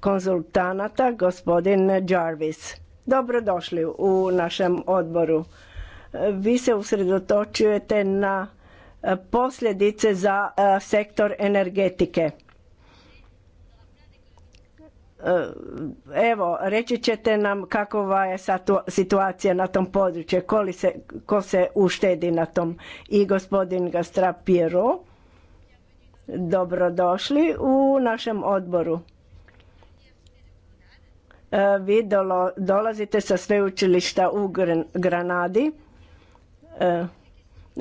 konzultanata, gospodin Jarvis. Dobrodošli u našem odboru. Vi se usredotočujete na e, posljedice za e, sektor energetike. E, evo, reći ćete nam kakva je situacija na tom području, ko, se, se uštedi na tom. I gospodin Gastra dobrodošli u našem odboru. Vi dolazite sa sveučilišta u Granadi E,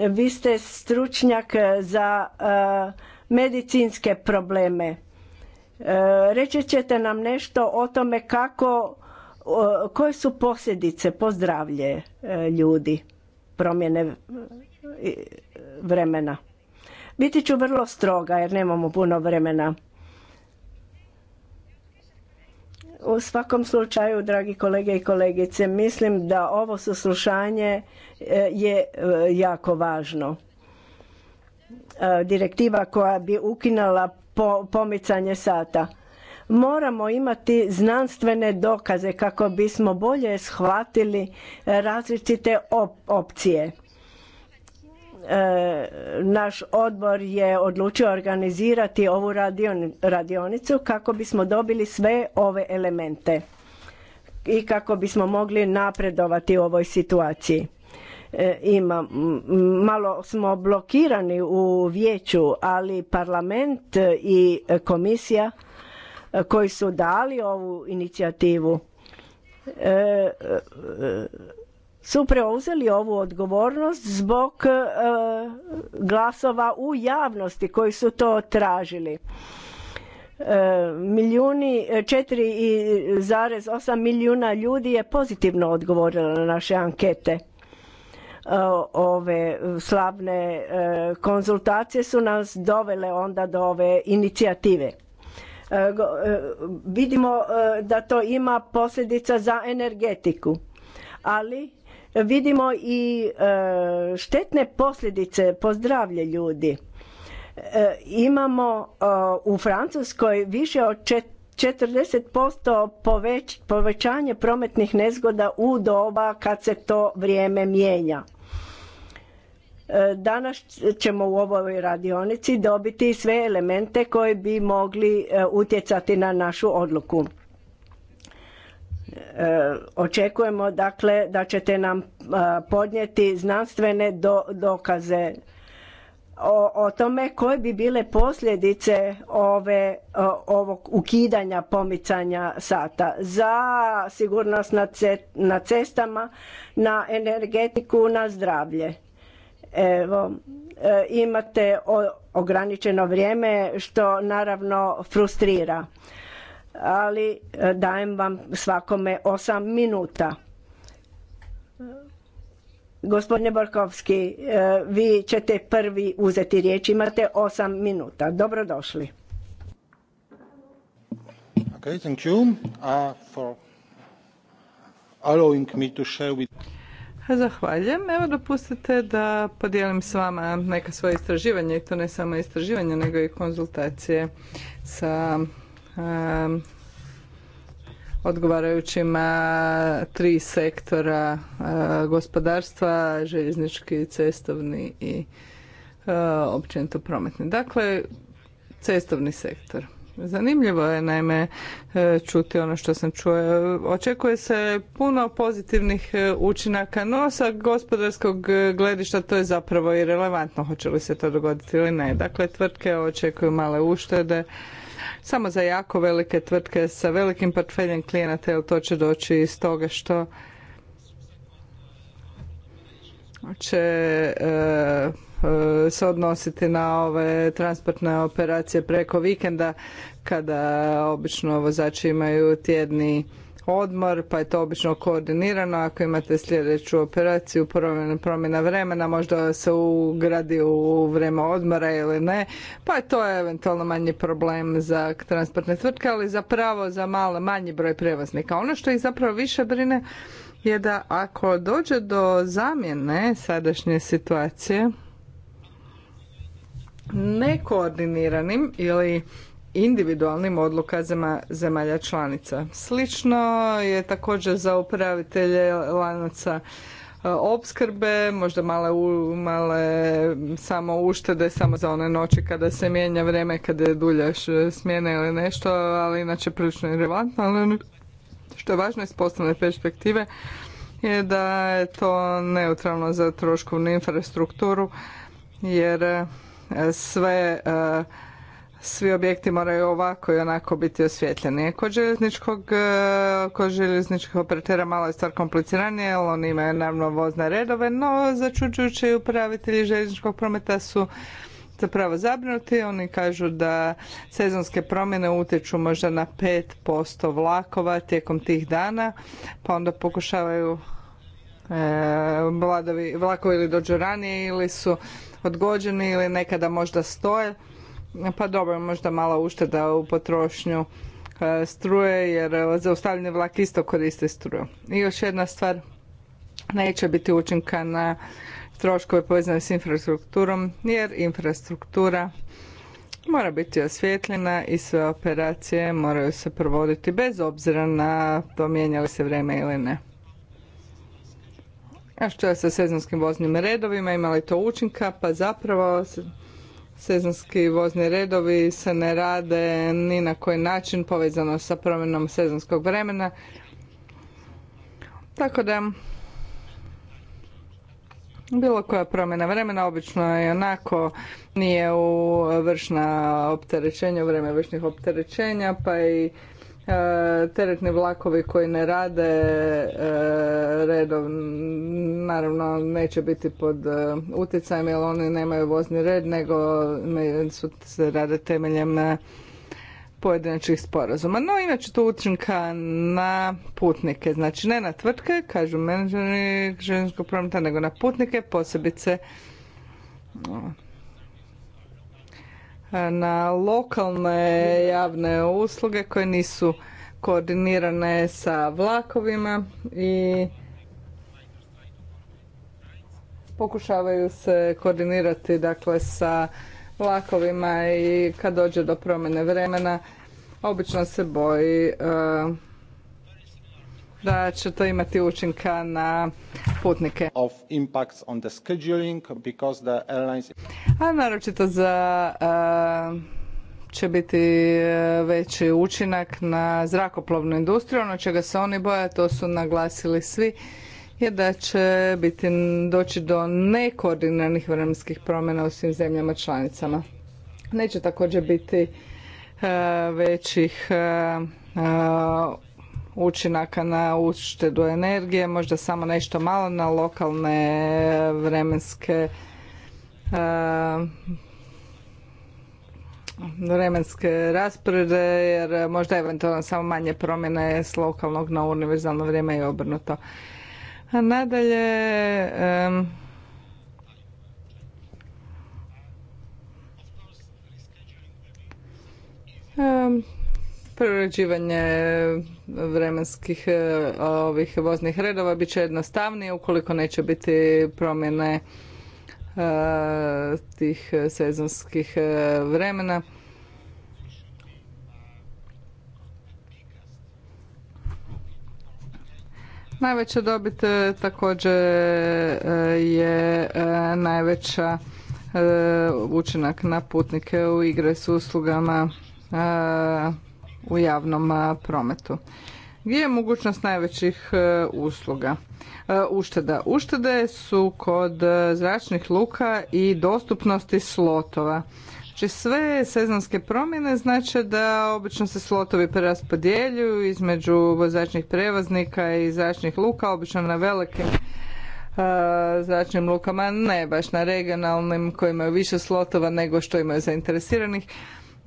vi ste stručnjak za e, medicinske probleme. E, reći ćete nam nešto o tome kako, koje su posljedice po zdravlje ljudi promjene vremena. Biti ću vrlo stroga jer nemamo puno vremena. U svakom slučaju, dragi kolege i kolegice, mislim da ovo saslušanje e, je e, jako važno. E, direktiva koja bi ukinala pomicanje sata. Moramo imati znanstvene dokaze kako bismo bolje shvatili različite opcije E, naš odbor je odlučio organizirati ovu radionicu kako bismo dobili sve ove elemente i kako bismo mogli napredovati u ovoj situaciji. E, ima, malo smo blokirani u vijeću, ali parlament i komisija e, koji su dali ovu inicijativu su preuzeli ovu odgovornost zbog e, glasova u javnosti koji su to tražili. E, milijuni, 4,8 milijuna ljudi je pozitivno odgovorilo na naše ankete. E, ove slavne konzultacije su nas dovele onda do ove inicijative. Vidimo da to ima posljedica za energetiku, ali Vidimo i e, štetne posljedice po zdravlje ljudi. E, imamo e, u Francuskoj više od 40% povećanje prometnih nezgoda u doba kad se to vrijeme mijenja. Danas ćemo u ovoj radionici dobiti sve elemente koji bi mogli utjecati na našu odluku. Očekujemo dakle da ćete nam podnijeti znanstvene dokaze o, tome koje bi bile posljedice ove, ovog ukidanja pomicanja sata za sigurnost na, na cestama, na energetiku, na zdravlje. Evo, e, imate ograničeno vrijeme što naravno frustrira ali e, dajem vam svakome osam minuta. Gospodine Borkovski, e, vi ćete prvi uzeti riječ, imate osam minuta. Dobrodošli. Okay, thank you. Uh, Zahvaljujem. Evo dopustite da podijelim s vama neka svoje istraživanja i to ne samo istraživanja nego i konzultacije sa odgovarajućima tri sektora e, gospodarstva, željeznički, cestovni i e, općenito prometni. Dakle, cestovni sektor. Zanimljivo je naime e, čuti ono što sam čuo. Očekuje se puno pozitivnih učinaka, no sa gospodarskog gledišta to je zapravo i relevantno hoće li se to dogoditi ili ne. Dakle, tvrtke očekuju male uštede, samo za jako velike tvrtke sa velikim portfeljem klijenata, jer to će doći iz toga što će e, e, se odnositi na ove transportne operacije preko vikenda kada obično vozači imaju tjedni odmor, pa je to obično koordinirano. Ako imate sljedeću operaciju promjena, vremena, možda se ugradi u vrijeme odmora ili ne, pa je to eventualno manji problem za transportne tvrtke, ali zapravo za malo manji broj prevoznika. Ono što ih zapravo više brine je da ako dođe do zamjene sadašnje situacije nekoordiniranim ili individualnim odlukama zemalja članica. Slično je također za upravitelje lanaca e, opskrbe, možda male, male samo uštede, samo za one noći kada se mijenja vreme, kada je dulja smjena ili nešto, ali inače prilično je relevantno, ali ono što je važno iz poslovne perspektive je da je to neutralno za troškovnu infrastrukturu, jer e, sve e, svi objekti moraju ovako i onako biti osvjetljeni. Kod željezničkog, e, kod željezničkog operatera malo je stvar kompliciranije jer oni imaju naravno vozne redove, no začuđujući upravitelji željezničkog prometa su zapravo zabrinuti. Oni kažu da sezonske promjene utječu možda na 5% vlakova tijekom tih dana, pa onda pokušavaju e, vlakovi ili dođu ranije ili su odgođeni ili nekada možda stoje pa dobro, možda mala ušteda u potrošnju e, struje, jer e, zaustavljeni vlak isto koriste struju. I još jedna stvar, neće biti učinka na troškove povezane s infrastrukturom, jer infrastruktura mora biti osvjetljena i sve operacije moraju se provoditi bez obzira na to mijenja li se vrijeme ili ne. A što je sa sezonskim voznim redovima, ima li to učinka? Pa zapravo sezonski vozni redovi se ne rade ni na koji način povezano sa promjenom sezonskog vremena. Tako da bilo koja promjena vremena obično je onako nije u vršna opterećenja, u vrijeme vršnih opterećenja, pa i E, teretni vlakovi koji ne rade e, redov naravno neće biti pod e, utjecajem jer oni nemaju vozni red nego su se rade temeljem pojedinačnih sporazuma. No, inače to učinka na putnike, znači ne na tvrtke, kažu menadžeri ženskog prometa, nego na putnike, posebice na lokalne javne usluge koje nisu koordinirane sa vlakovima i pokušavaju se koordinirati dakle sa vlakovima i kad dođe do promjene vremena obično se boji e, da će to imati učinka na putnike. Of on the the airlines... A naročito za će biti e, veći učinak na zrakoplovnu industriju. Ono čega se oni boja, to su naglasili svi, je da će biti doći do nekoordiniranih vremenskih promjena u svim zemljama članicama. Neće također biti e, većih e, učinaka na uštedu energije, možda samo nešto malo na lokalne vremenske eh, vremenske rasporede jer možda eventualno samo manje promjene s lokalnog na univerzalno vrijeme i obrnuto. A nadalje um, Preuređivanje vremenskih e, ovih voznih redova bit će jednostavnije ukoliko neće biti promjene e, tih sezonskih e, vremena. Najveća dobit također je najveća učinak na putnike u igre s uslugama u javnom prometu. Gdje je mogućnost najvećih e, usluga? E, ušteda. Uštede su kod e, zračnih luka i dostupnosti slotova. Znači sve sezonske promjene znači da obično se slotovi preraspodjeljuju između zračnih prevoznika i zračnih luka, obično na velikim zračnim lukama, ne baš na regionalnim koji imaju više slotova nego što imaju zainteresiranih,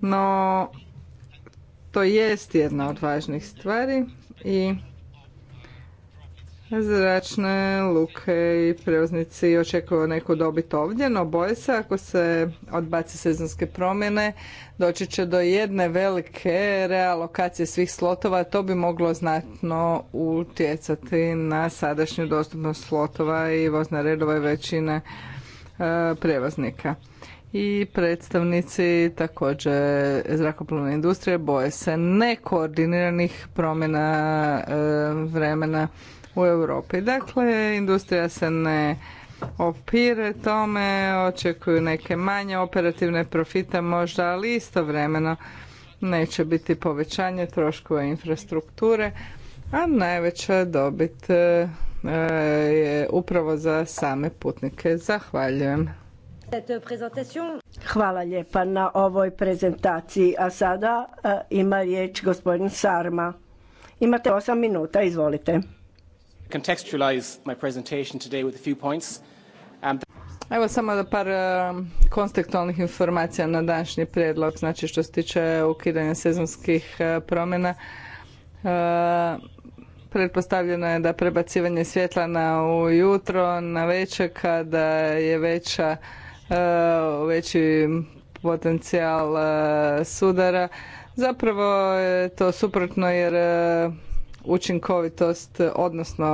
no to jest jedna od važnih stvari i zračne luke i prevoznici očekuju neku dobit ovdje, no boje se ako se odbaci sezonske promjene doći će do jedne velike realokacije svih slotova, to bi moglo znatno utjecati na sadašnju dostupnost slotova i vozne redove većine e, prevoznika i predstavnici također zrakoplovne industrije boje se nekoordiniranih promjena e, vremena u Europi. Dakle, industrija se ne opire tome, očekuju neke manje operativne profite možda, ali istovremeno neće biti povećanje troškova infrastrukture, a najveća dobit e, je upravo za same putnike. Zahvaljujem. Hvala lijepa na ovoj prezentaciji. A sada e, ima riječ gospodin Sarma. Imate osam minuta, izvolite. Um, Evo samo da par e, kontekstualnih informacija na današnji predlog znači što se tiče ukidanja sezonskih e, promjena. Pretpostavljeno je da prebacivanje svjetla na ujutro, na večer kada je veća E, veći potencijal e, sudara. Zapravo je to suprotno jer e, učinkovitost, odnosno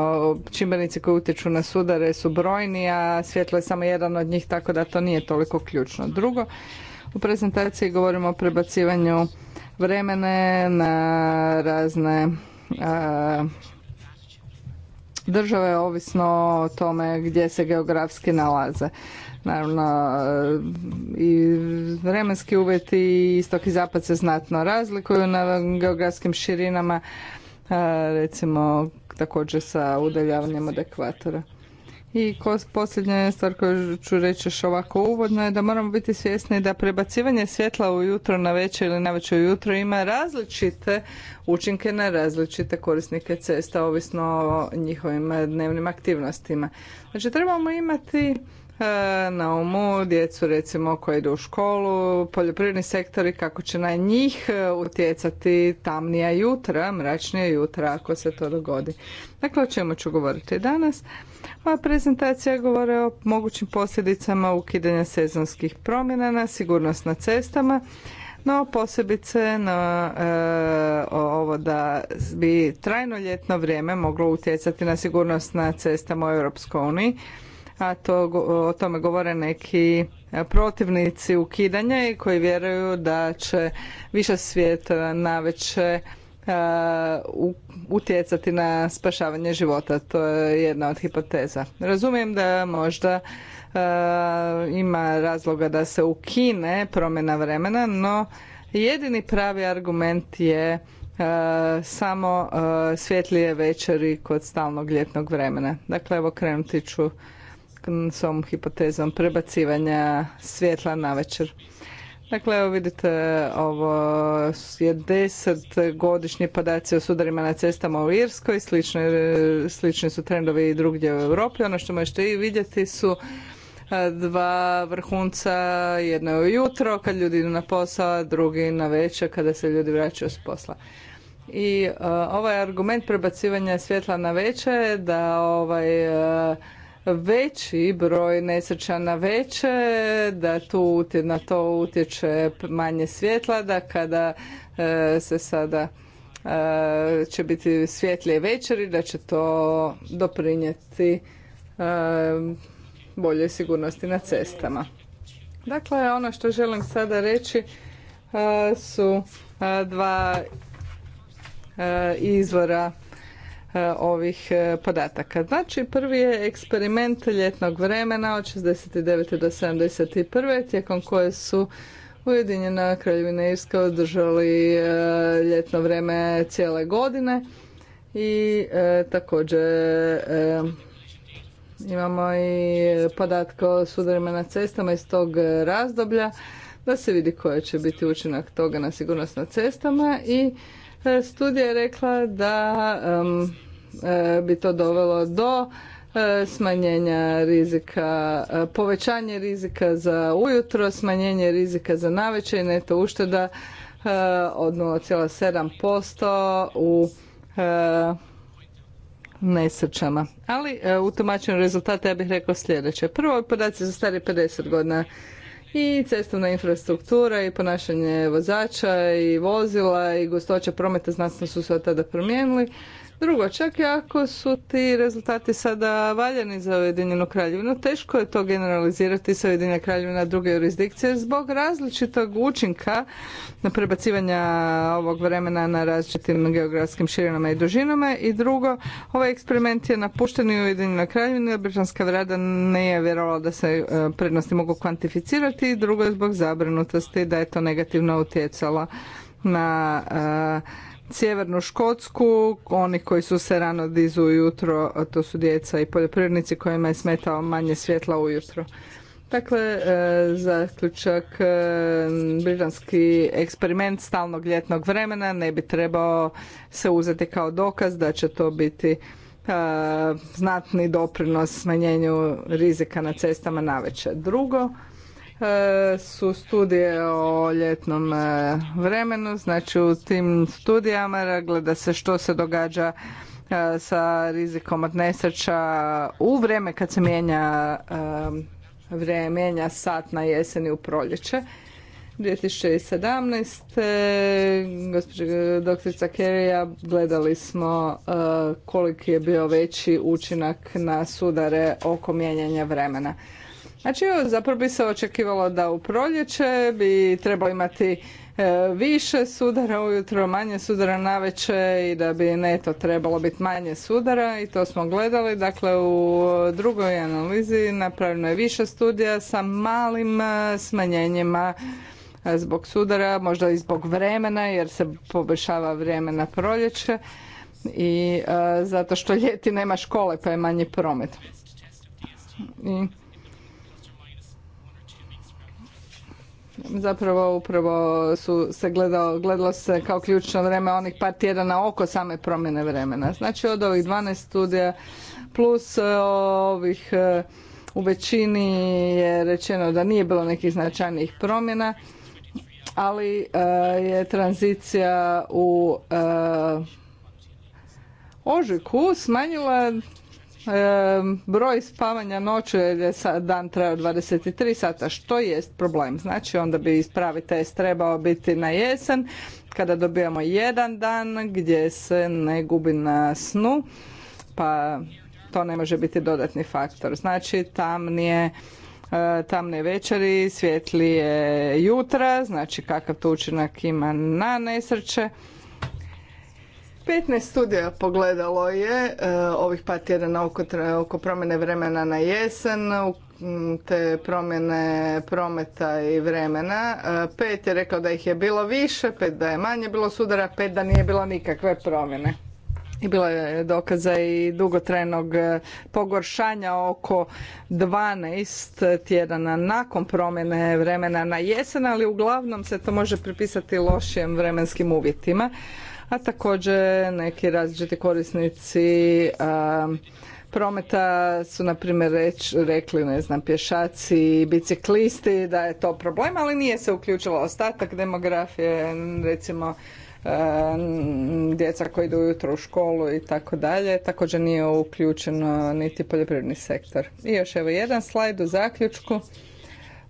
čimbenici koji utječu na sudare su brojni, a svjetlo je samo jedan od njih, tako da to nije toliko ključno. Drugo, u prezentaciji govorimo o prebacivanju vremene na razne države, ovisno o tome gdje se geografski nalaze. Naravno, e, i vremenski uvjeti istok i zapad se znatno razlikuju na geografskim širinama, e, recimo također sa udaljavanjem od ekvatora. I posljednja stvar koju ću reći još ovako uvodno je da moramo biti svjesni da prebacivanje svjetla ujutro na večer ili na večer ujutro ima različite učinke na različite korisnike cesta, ovisno o njihovim dnevnim aktivnostima. Znači trebamo imati E, na umu djecu recimo koji idu u školu, poljoprivredni sektori kako će na njih e, utjecati tamnija jutra, mračnija jutra ako se to dogodi. Dakle, o čemu ću govoriti danas? Ova pa, prezentacija govore o mogućim posljedicama ukidanja sezonskih promjena na sigurnost na cestama, no posebice na e, ovo da bi trajno ljetno vrijeme moglo utjecati na sigurnost na cestama u Europskoj uniji a to, o tome govore neki protivnici ukidanja i koji vjeruju da će više svijet na utjecati na spašavanje života. To je jedna od hipoteza. Razumijem da možda ima razloga da se ukine promjena vremena, no jedini pravi argument je samo svjetlije večeri kod stalnog ljetnog vremena. Dakle, evo krenuti ću s ovom hipotezom prebacivanja svjetla na večer. Dakle, evo vidite, ovo je deset godišnji podaci o sudarima na cestama u Irskoj, slični, slični su trendovi i drugdje u Europi. Ono što možete i vidjeti su dva vrhunca, jedno je ujutro kad ljudi idu na posao, drugi na večer kada se ljudi vraćaju s posla. I ovaj argument prebacivanja svjetla na večer da ovaj veći broj nesreća na veće, da tu na to utječe manje svjetla, da kada e, se sada e, će biti svjetlije večeri, da će to doprinijeti e, boljoj sigurnosti na cestama. Dakle, ono što želim sada reći su dva izvora E, ovih e, podataka. Znači, prvi je eksperiment ljetnog vremena od 69. do 71. tijekom koje su Ujedinjena Kraljevina Irska održali e, ljetno vreme cijele godine i također imamo i podatke o sudarima na cestama iz tog razdoblja da se vidi koji će biti učinak toga na sigurnost na cestama i Studija je rekla da e, bi to dovelo do e, smanjenja rizika, e, povećanje rizika za ujutro, smanjenje rizika za navečer i neto ušteda od 0,7% u nesrčama. Ali u tumačenju rezultata ja bih rekao sljedeće. Prvo, podaci za stari 50 godina i cestovna infrastruktura i ponašanje vozača i vozila i gustoća prometa znatno su se od tada promijenili Drugo, čak i ako su ti rezultati sada valjani za Ujedinjenu kraljevinu, teško je to generalizirati sa Ujedinjena kraljevina druge jurisdikcije zbog različitog učinka na prebacivanja ovog vremena na različitim geografskim širinama i dužinama. I drugo, ovaj eksperiment je napušten i Ujedinjena kraljevina, britanska Vrada nije vjerovala da se e, prednosti mogu kvantificirati i drugo je zbog zabrinutosti da je to negativno utjecalo na e, sjevernu Škotsku, oni koji su se rano dizu ujutro, a to su djeca i poljoprivrednici kojima je smetao manje svjetla ujutro. Dakle, e, zaključak, e, britanski eksperiment stalnog ljetnog vremena ne bi trebao se uzeti kao dokaz da će to biti e, znatni doprinos smanjenju rizika na cestama navečer. Drugo, E, su studije o ljetnom e, vremenu, znači u tim studijama gleda se što se događa e, sa rizikom od nesreća u vrijeme kad se mijenja vrijeme, mijenja sat na jesen i u proljeće. 2017. gospođa doktorica Kerija gledali smo koliki je bio veći učinak na sudare oko mijenjanja vremena. Znači, zapravo bi se očekivalo da u proljeće bi trebalo imati e, više sudara ujutro, manje sudara naveče i da bi neto trebalo biti manje sudara i to smo gledali. Dakle, u drugoj analizi napravljeno je više studija sa malim e, smanjenjima e, zbog sudara, možda i zbog vremena jer se poboljšava vrijeme na proljeće i zato što ljeti nema škole pa je manji promet. I zapravo upravo su se gledalo, gledalo se kao ključno vreme onih par tjedana oko same promjene vremena. Znači od ovih 12 studija plus e, ovih e, u većini je rečeno da nije bilo nekih značajnih promjena, ali e, je tranzicija u ožujku smanjila broj spavanja noću jer dan trajao 23 sata, što jest problem. Znači onda bi ispravi test trebao biti na jesen, kada dobijamo jedan dan gdje se ne gubi na snu, pa to ne može biti dodatni faktor. Znači nije e, tamne večeri, svjetlije jutra, znači kakav to učinak ima na nesreće. 15 studija pogledalo je e, ovih par tjedana oko, promjene vremena na jesen, te promjene prometa i vremena. E, pet je rekao da ih je bilo više, pet da je manje bilo sudara, pet da nije bilo nikakve promjene. I bilo je dokaza i dugotrajnog e, pogoršanja oko 12 tjedana nakon promjene vremena na jesen, ali uglavnom se to može pripisati lošijem vremenskim uvjetima a također neki različiti korisnici prometa su na primjer rekli ne znam pješaci i biciklisti da je to problem ali nije se uključilo ostatak demografije recimo djeca koji idu ujutro u školu i tako dalje. Također nije uključeno niti poljoprivredni sektor. I još evo jedan slajd u zaključku.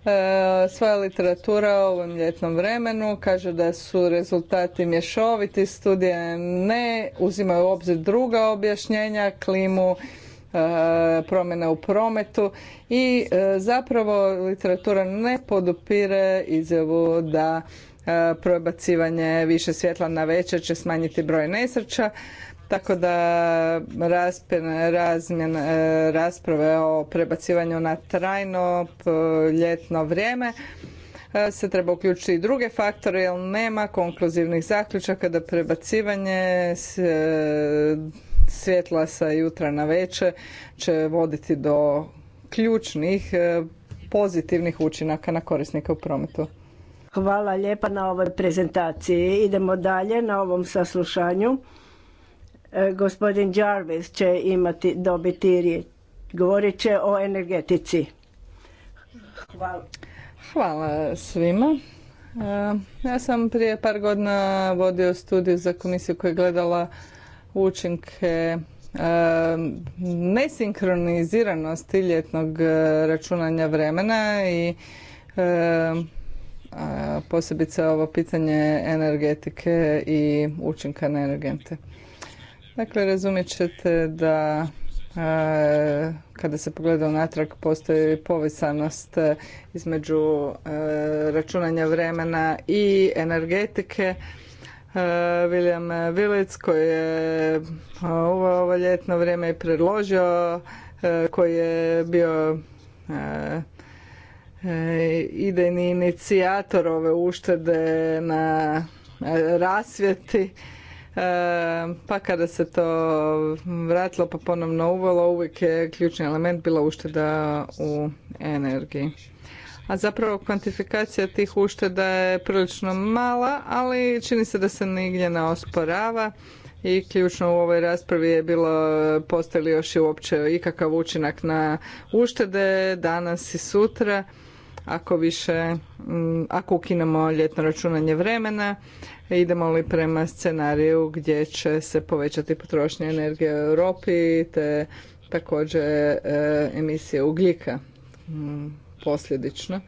E, svoja literatura u ovom ljetnom vremenu kaže da su rezultati mješoviti, studije ne uzimaju u obzir druga objašnjenja, klimu, e, promjene u prometu i e, zapravo literatura ne podupire izjavu da prebacivanje više svjetla na večer će smanjiti broj nesreća tako da razmjene razmjen, e, rasprave o prebacivanju na trajno ljetno vrijeme e, se treba uključiti i druge faktore jer nema konkluzivnih zaključaka da prebacivanje e, svjetla sa jutra na večer će voditi do ključnih pozitivnih učinaka na korisnike u prometu. Hvala lijepa na ovoj prezentaciji. Idemo dalje na ovom saslušanju. E, gospodin Jarvis će imati, dobiti riječ. Govorit će o energetici. Hvala. Hvala svima. E, ja sam prije par godina vodio studiju za komisiju koja je gledala učinke e, nesinkroniziranosti ljetnog računanja vremena i posebice ovo pitanje energetike i učinka na energente. Dakle, razumjet ćete da e, kada se pogleda natrag, postoji povezanost e, između e, računanja vremena i energetike. William Vilec, koji je ovo, ovo ljetno vrijeme i predložio, koji je bio idejni inicijator ove uštede na rasvjeti E, pa kada se to vratilo pa ponovno uvelo, uvijek je ključni element bila ušteda u energiji. A zapravo kvantifikacija tih ušteda je prilično mala, ali čini se da se nigdje ne osporava i ključno u ovoj raspravi je bilo postoji još i uopće ikakav učinak na uštede danas i sutra ako više, ako ukinemo ljetno računanje vremena, idemo li prema scenariju gdje će se povećati potrošnja energije u Europi te također e, emisije ugljika mm, posljedično.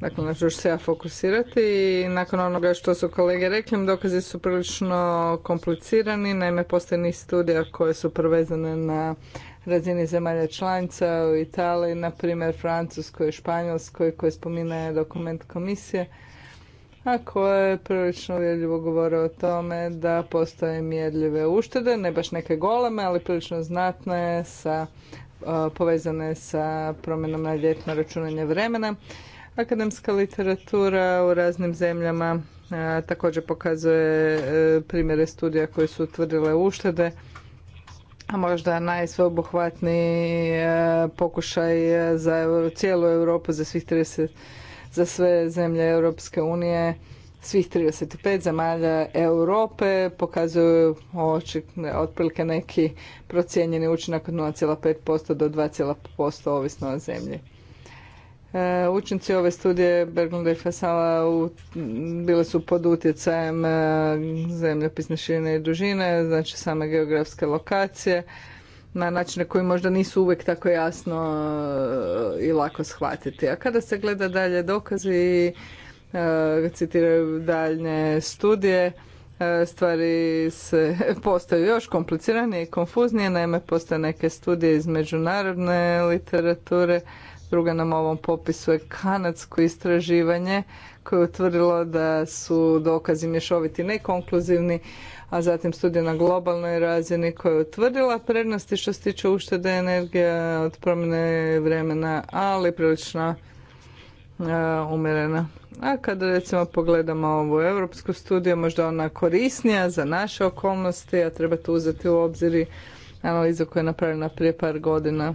Dakle, na što ću se ja fokusirati i nakon onoga što su kolege rekli, dokazi su prilično komplicirani, naime postoje niz studija koje su prevezane na razini zemalja članica u Italiji, na primjer Francuskoj, Španjolskoj koje spominje dokument komisije a koje je prilično uvjerljivo govore o tome da postoje mjerljive uštede, ne baš neke goleme, ali prilično znatne sa povezane sa promjenom na ljetno računanje vremena. Akademska literatura u raznim zemljama također pokazuje e, primjere studija koje su utvrdile uštede, a možda najsveobuhvatniji e, pokušaj za cijelu Europu za svih 30 za sve zemlje Europske unije, svih 35 zemalja Europe pokazuju otprilike neki procijenjeni učinak od 0,5% do 2,5% ovisno o zemlji. E, učinci ove studije Berglunda i Fasala bile su pod utjecajem e, zemljopisne širine i dužine, znači same geografske lokacije, na načine koji možda nisu uvijek tako jasno e, i lako shvatiti. A kada se gleda dalje dokazi, e, citiraju daljnje studije, e, stvari se postaju još kompliciranije i konfuznije, naime postoje neke studije iz međunarodne literature, druga nam ovom popisu je kanadsko istraživanje koje je utvrdilo da su dokazi mješoviti nekonkluzivni, a zatim studija na globalnoj razini koja je utvrdila prednosti što se tiče uštede energije od promjene vremena, ali prilično e, umjerena. A kada recimo pogledamo ovu europsku studiju, možda ona korisnija za naše okolnosti, a treba to uzeti u obziri analizu koja je napravljena prije par godina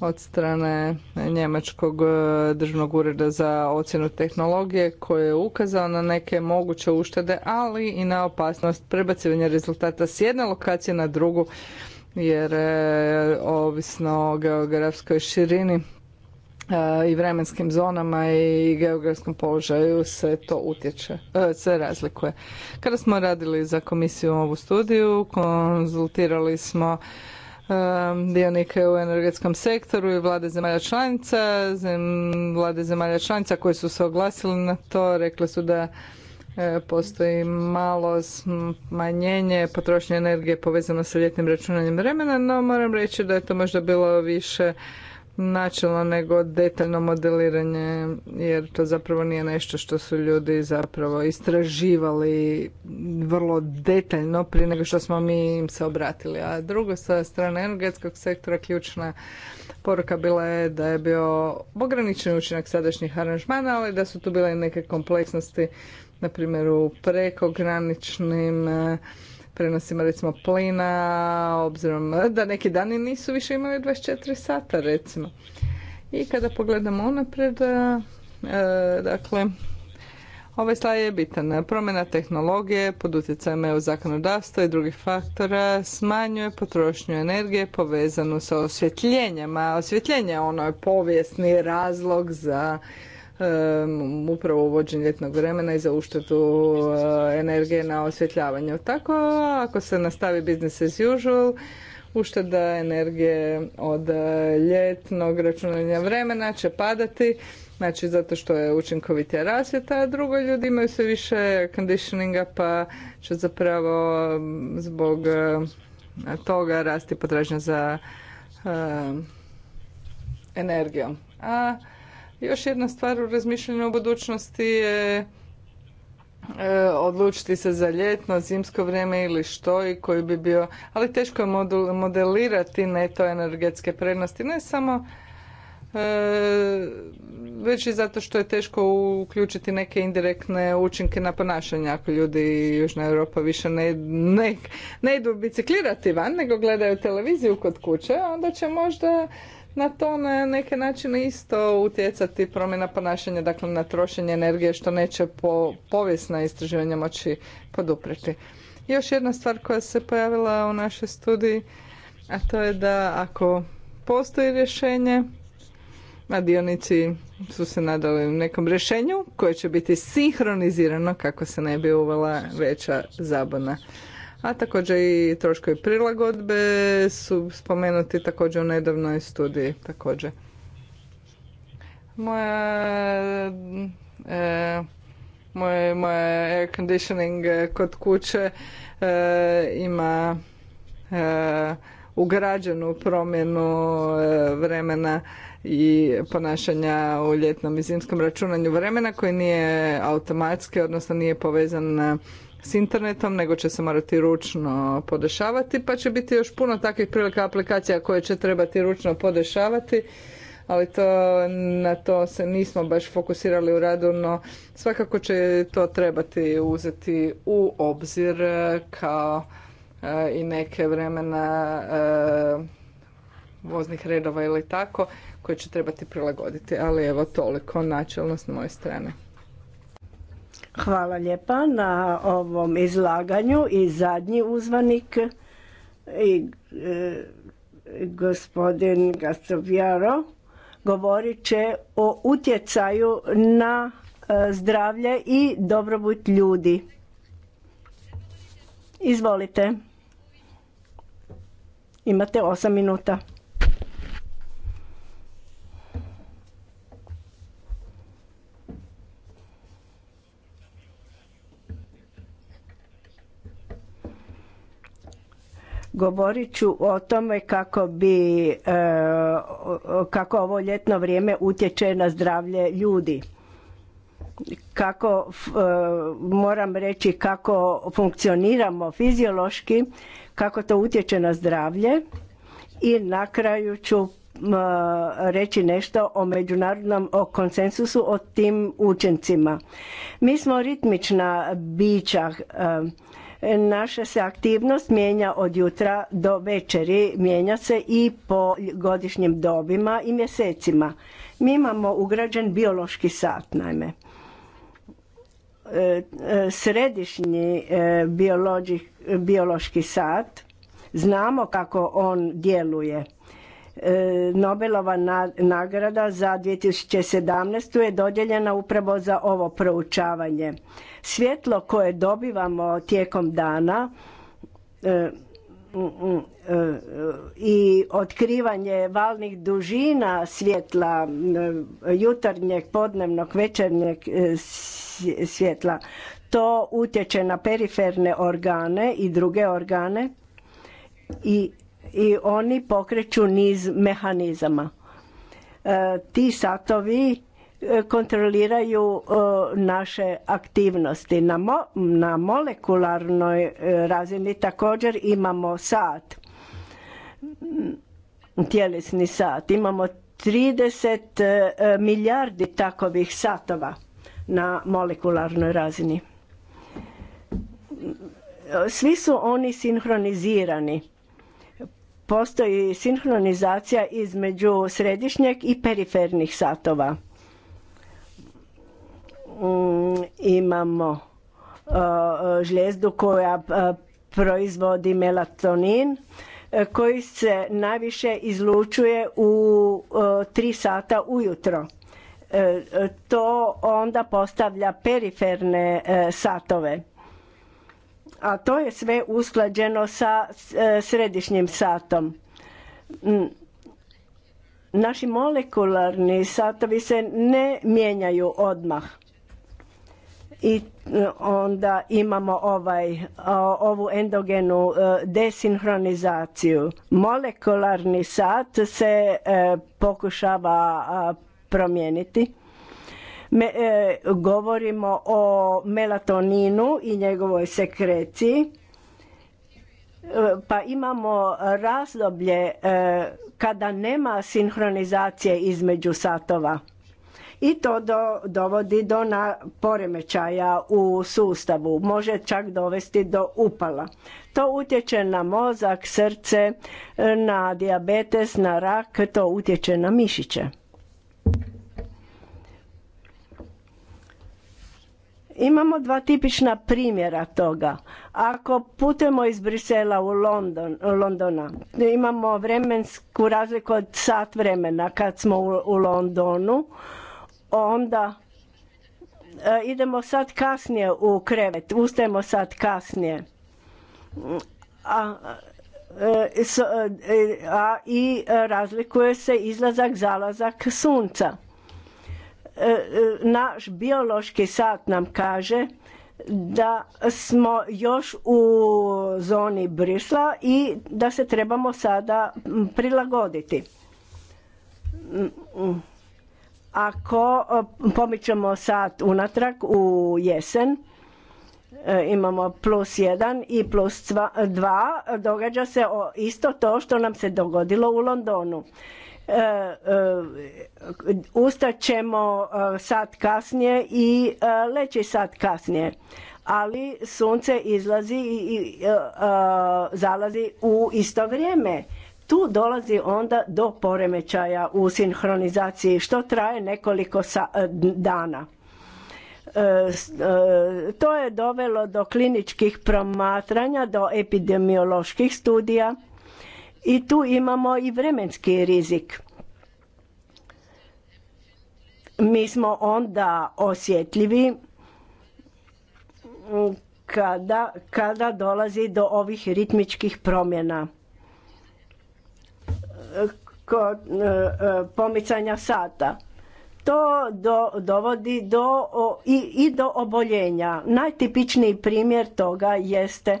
od strane Njemačkog e, državnog ureda za ocjenu tehnologije koji je ukazao na neke moguće uštede, ali i na opasnost prebacivanja rezultata s jedne lokacije na drugu, jer e, ovisno o geografskoj širini e, i vremenskim zonama i geografskom položaju se to utječe, se razlikuje. Kada smo radili za komisiju ovu studiju, konzultirali smo dionike u energetskom sektoru i vlade zemalja članica. vlade zemalja članica koje su se oglasile na to rekle su da e, postoji malo smanjenje potrošnje energije povezano sa ljetnim računanjem vremena, no moram reći da je to možda bilo više načelno nego detaljno modeliranje jer to zapravo nije nešto što su ljudi zapravo istraživali vrlo detaljno prije nego što smo mi im se obratili. A drugo sa strane energetskog sektora ključna poruka bila je da je bio ograničen učinak sadašnjih aranžmana, ali da su tu bile neke kompleksnosti na primjer u prekograničnim prenosima recimo plina, obzirom da neki dani nisu više imali 24 sata recimo. I kada pogledamo unaprijed, e, dakle, ovaj slajd je bitan. Promjena tehnologije pod utjecajem EU zakonodavstva i drugih faktora smanjuje potrošnju energije povezanu sa osvjetljenjem, a osvjetljenje ono je povijesni razlog za upravo uvođenje ljetnog vremena i za uštetu eh, energije na osvjetljavanju. Tako ako se nastavi business as usual, ušteda energije od eh, ljetnog računanja vremena će padati, znači zato što je učinkovitija rasvjeta, a drugo ljudi imaju sve više conditioninga pa će zapravo zbog eh, toga rasti potražnja za uh, energijom. A još jedna stvar u razmišljanju o budućnosti je e, odlučiti se za ljetno, zimsko vrijeme ili što i koji bi bio, ali teško je modelirati neto energetske prednosti, ne samo e, već i zato što je teško uključiti neke indirektne učinke na ponašanje ako ljudi Južna Europa više ne, ne, ne idu biciklirati van nego gledaju televiziju kod kuće onda će možda na to na neke način isto utjecati promjena ponašanja, dakle na trošenje energije što neće po, povijesna istraživanja moći podupreti. Još jedna stvar koja se pojavila u našoj studiji, a to je da ako postoji rješenje, a dionici su se nadali nekom rješenju koje će biti sinhronizirano kako se ne bi uvela veća zabona a također i troškovi prilagodbe su spomenuti također u nedavnoj studiji također. Moja e, moje, air conditioning kod kuće e, ima e, ugrađenu promjenu e, vremena i ponašanja u ljetnom i zimskom računanju vremena koji nije automatski, odnosno nije povezan na s internetom, nego će se morati ručno podešavati, pa će biti još puno takvih prilika aplikacija koje će trebati ručno podešavati, ali to, na to se nismo baš fokusirali u radu, no svakako će to trebati uzeti u obzir e, kao e, i neke vremena e, voznih redova ili tako, koje će trebati prilagoditi. Ali evo toliko načelno s moje strane. Hvala lijepa na ovom izlaganju i zadnji uzvanik i e, gospodin Gasovjaro govorit će o utjecaju na e, zdravlje i dobrobit ljudi. Izvolite. Imate osam minuta. Govorit ću o tome kako bi, e, kako ovo ljetno vrijeme utječe na zdravlje ljudi. Kako, e, moram reći kako funkcioniramo fiziološki, kako to utječe na zdravlje i na kraju ću reći nešto o međunarodnom o konsensusu o tim učencima. Mi smo ritmična bića, e, Naša se aktivnost mijenja od jutra do večeri, mijenja se i po godišnjim dobima i mjesecima. Mi imamo ugrađen biološki sat, naime. E, e, središnji e, biološki sat, znamo kako on djeluje. Nobelova nagrada za 2017. je dodijeljena upravo za ovo proučavanje. Svjetlo koje dobivamo tijekom dana e, mm, mm, e, i otkrivanje valnih dužina svjetla, e, jutarnjeg, podnevnog, večernjeg svjetla, to utječe na periferne organe i druge organe i, oni pokreću niz mehanizama. ti satovi E, kontroliraju e, naše aktivnosti. Na, molekularnoj e, razini također imamo sat, tjelesni sat. Imamo 30 milijardi takovih satova na molekularnoj razini. Svi su oni sinhronizirani. Postoji sinhronizacija između središnjeg i perifernih satova Mm, imamo uh, žljezdu koja uh, proizvodi melatonin uh, koji se najviše izlučuje u tri sata ujutro. To onda postavlja periferne satove. A to je sve usklađeno sa središnjim satom. Mm, naši molekularni satovi se ne mijenjaju odmah i e, onda imamo ovaj, ovu endogenu e, desinhronizaciju. Molekularni sat se e, pokušava promijeniti. govorimo o melatoninu i njegovoj sekreciji pa imamo razdoblje kada nema sinhronizacije između satova i to do, dovodi do na poremećaja u sustavu, može čak dovesti do upala. To utječe na mozak, srce, na diabetes, na rak, to utječe na mišiće. Imamo dva tipična primjera toga. Ako putujemo iz Brisela u London, Londona, imamo vremensku razliku od sat vremena kad smo u Londonu, onda e, idemo sad kasnije u krevet, ustajemo sad kasnije. A, e, e, i razlikuje se izlazak, zalazak sunca. Naš biološki sat nam kaže da smo još u zoni brisla i da se trebamo sada prilagoditi. Ako e, pomičemo sat unatrag u jesen, e, imamo plus jedan i plus dva, događa se isto to što nam se dogodilo u Londonu. E, ćemo sat kasnije i leći sat kasnije, ali sunce izlazi i zalazi u isto vrijeme tu dolazi onda do poremećaja u sinhronizaciji što traje nekoliko e, dana. E, e, to je dovelo do kliničkih promatranja, do epidemioloških studija i tu imamo i vremenski rizik. Mi smo onda osjetljivi kada, kada dolazi do ovih ritmičkih promjena kod e, e, pomicanja sata. To dovodi do, i, do oboljenja. Najtipičniji primjer toga jeste e,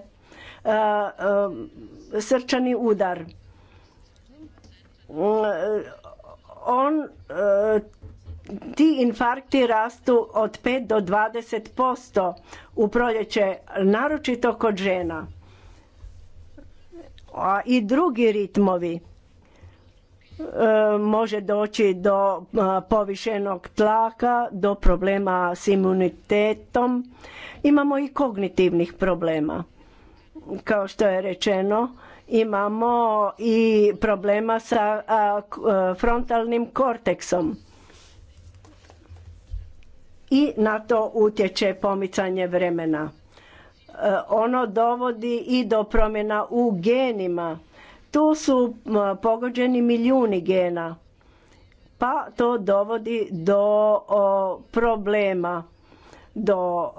srčani udar. Mm, on, ti infarkti rastu od 5 do 20% u proljeće, naročito kod žena. A i drugi ritmovi E, može doći do e, povišenog tlaka, do problema s imunitetom. Imamo i kognitivnih problema. Kao što je rečeno, imamo i problema sa e, frontalnim korteksom. I na to utječe pomicanje vremena. Ono dovodi i do promjena u genima tu su pogođeni milijuni gena pa to dovodi do o, problema do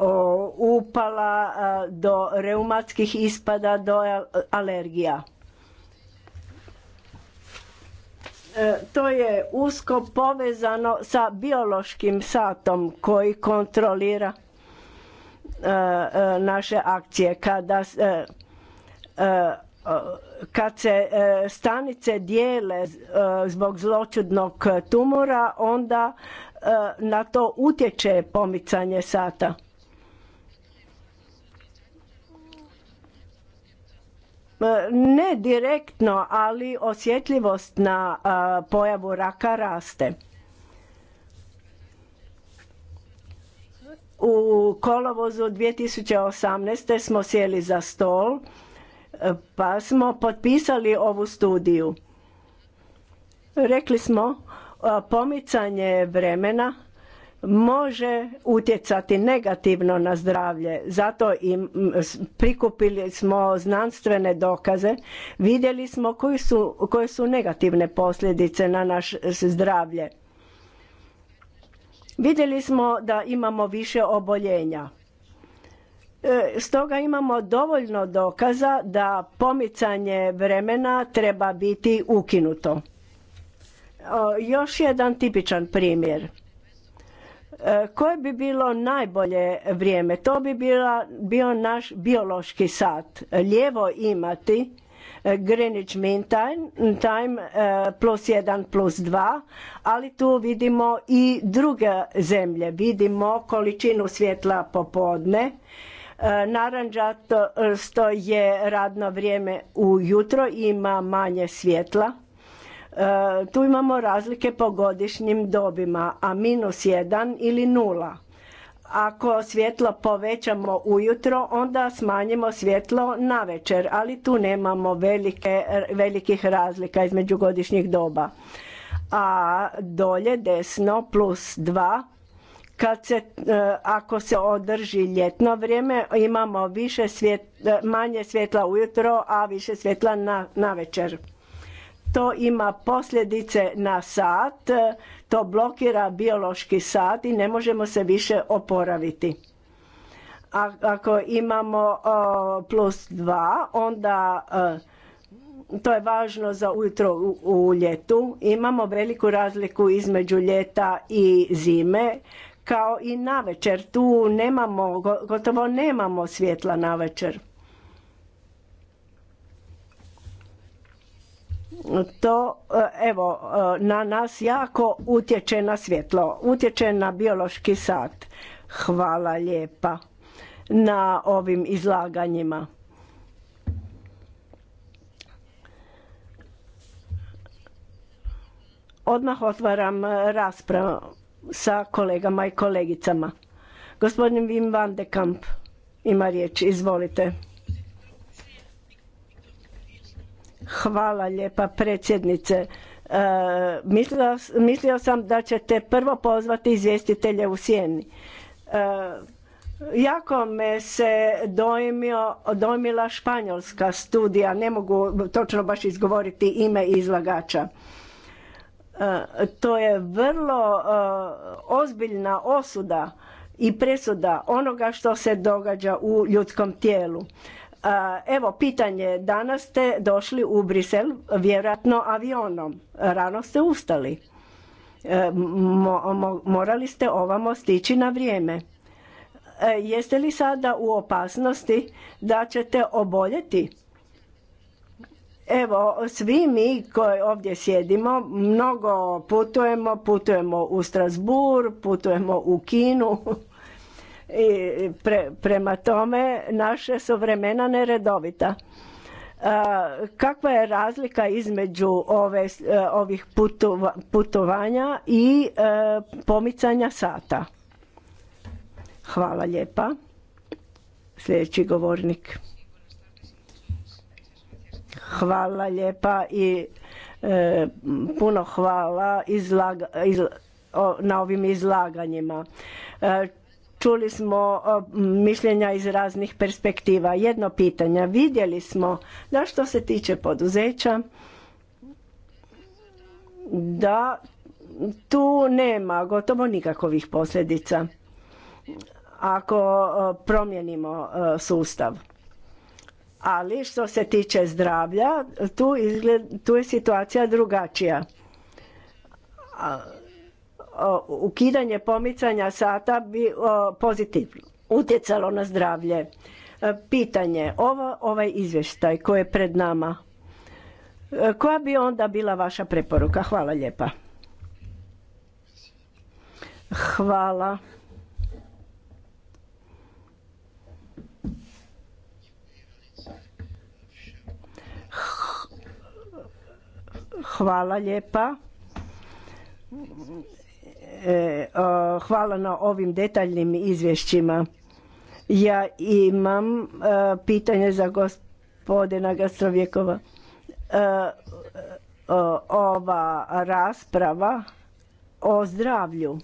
upala do reumatskih ispada do e, alergija e, to je usko povezano sa biološkim satom koji kontrolira e, naše akcije kada kad se e, stanice dijele e, zbog zloćudnog tumora, onda e, na to utječe pomicanje sata. Ne direktno, ali osjetljivost na pojavu raka raste. U kolovozu 2018. smo sjeli za stol E, pa smo potpisali ovu studiju. Rekli smo e, pomicanje vremena može utjecati negativno na zdravlje. Zato im prikupili smo znanstvene dokaze, vidjeli smo su, koje su negativne posljedice na naše zdravlje. Vidjeli smo da imamo više oboljenja. E, stoga imamo dovoljno dokaza da pomicanje vremena treba biti ukinuto. E, još jedan tipičan primjer. E, koje bi bilo najbolje vrijeme? To bi bila, bio naš biološki sat. Lijevo imati Greenwich Mean Time, time plus 1 plus 2, ali tu vidimo i druge zemlje. Vidimo količinu svjetla popodne, Naranđasto e, je radno vrijeme ujutro, ima manje svjetla. E, tu imamo razlike po godišnjim dobima, a minus jedan ili nula. Ako svjetlo povećamo ujutro, onda smanjimo svjetlo na večer, ali tu nemamo velike, velikih razlika između godišnjih doba. A dolje desno plus dva kad se, e, ako se održi ljetno vrijeme, imamo više e, manje svjetla ujutro, a više svjetla na, na večer. To ima posljedice na sat, e, to blokira biološki sat i ne možemo se više oporaviti. A ako imamo plus dva, onda to je važno za ujutro u ljetu. Imamo veliku razliku između ljeta i zime kao i navečer. Tu nemamo, gotovo nemamo svjetla navečer. To, eh, evo, eh, na nas jako utječe na svjetlo, utječe na biološki sat. Hvala lijepa na ovim izlaganjima. Odmah otvaram eh, raspravu sa kolegama i kolegicama. Gospodin Wim van de Kamp ima riječ, izvolite. Hvala lijepa predsjednice. E, mislio, sam da ćete prvo pozvati izvjestitelje u sjeni. E, jako me se dojmio, dojmila španjolska studija, ne mogu točno baš izgovoriti ime izlagača. E, to je vrlo e, ozbiljna osuda i presuda onoga što se događa u ljudskom tijelu. E, evo pitanje, danas ste došli u Brisel vjerojatno avionom, rano ste ustali, morali ste ovamo stići na vrijeme. Jeste li sada u opasnosti da ćete oboljeti? Evo, svi mi koji ovdje sjedimo, mnogo putujemo, putujemo u Strasbur, putujemo u Kinu i prema tome naše su vremena neredovita. E, kakva je razlika između ove, e, ovih putovanja i e, pomicanja sata? Hvala lijepa. Sljedeći govornik. Hvala lijepa i e, puno hvala na ovim izlaganjima. E, čuli smo mišljenja iz raznih perspektiva. Jedno pitanje, vidjeli smo da što se tiče poduzeća, da tu nema gotovo nikakvih posljedica ako promijenimo sustav. Ali što se tiče zdravlja, tu, tu je situacija drugačija. Ukidanje pomicanja sata bi pozitivno utjecalo na zdravlje. E, pitanje, ovo, ovaj izvještaj koji je pred nama, e, koja bi onda bila vaša preporuka? Hvala lijepa. Hvala. Hvala lijepa. E, hvala na ovim detaljnim izvješćima. Ja imam e, pitanje za gospodina Gastrovjekova. E, ova rasprava o zdravlju.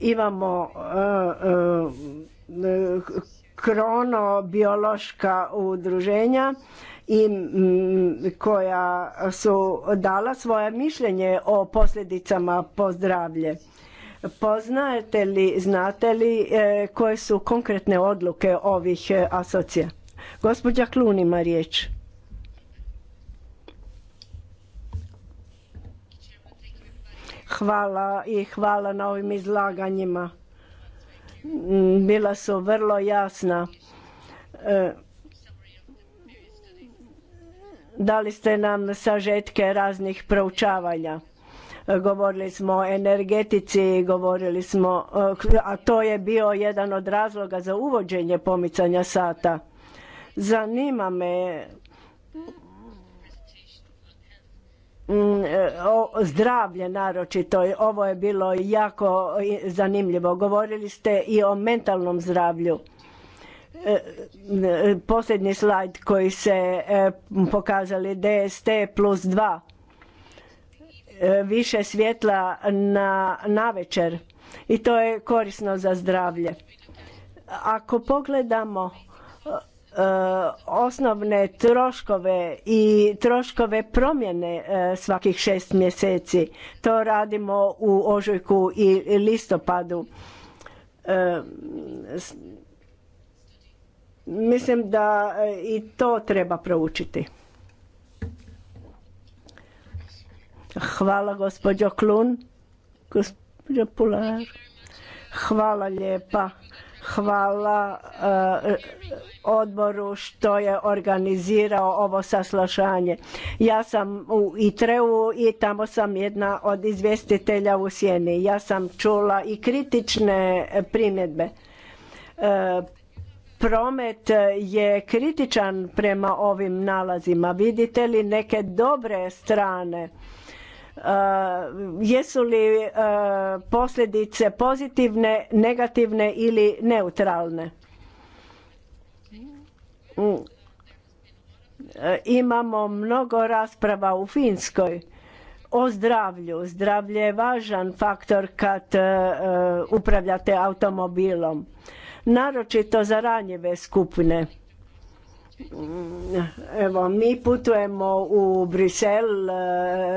Imamo kronobiološka udruženja i koja su dala svoje mišljenje o posljedicama po zdravlje. Poznajete li, znate li e, koje su konkretne odluke ovih e, asocija? Gospođa Klun ima riječ. Hvala i hvala na ovim izlaganjima. Bila su vrlo jasna. E, Dali ste nam sažetke raznih proučavanja. Govorili smo o energetici, govorili smo, a to je bio jedan od razloga za uvođenje pomicanja sata. Zanima me mm, o zdravlje naročito, ovo je bilo jako zanimljivo. Govorili ste i o mentalnom zdravlju E, e, posljednji slajd koji se e, pokazali DST plus 2 više svjetla na navečer i to je korisno za zdravlje. Ako pogledamo osnovne troškove i troškove promjene svakih šest mjeseci. To radimo u ožujku i listopadu Mislim da e, i to treba proučiti. Hvala gospođo Klun. Gospođo Pular. Hvala lijepa. Hvala e, odboru što je organizirao ovo saslašanje. Ja sam u Itreu i tamo sam jedna od izvjestitelja u Sjeni. Ja sam čula i kritične primjedbe. Uh, promet e, je kritičan prema ovim nalazima. Vidite li neke dobre strane? E, jesu li e, posljedice pozitivne, negativne ili neutralne? Mm. Imamo mnogo rasprava u Finskoj o zdravlju. Zdravlje je važan faktor kad upravljate automobilom naročito za ranjive skupine. Evo, mi putujemo u Brisel, e,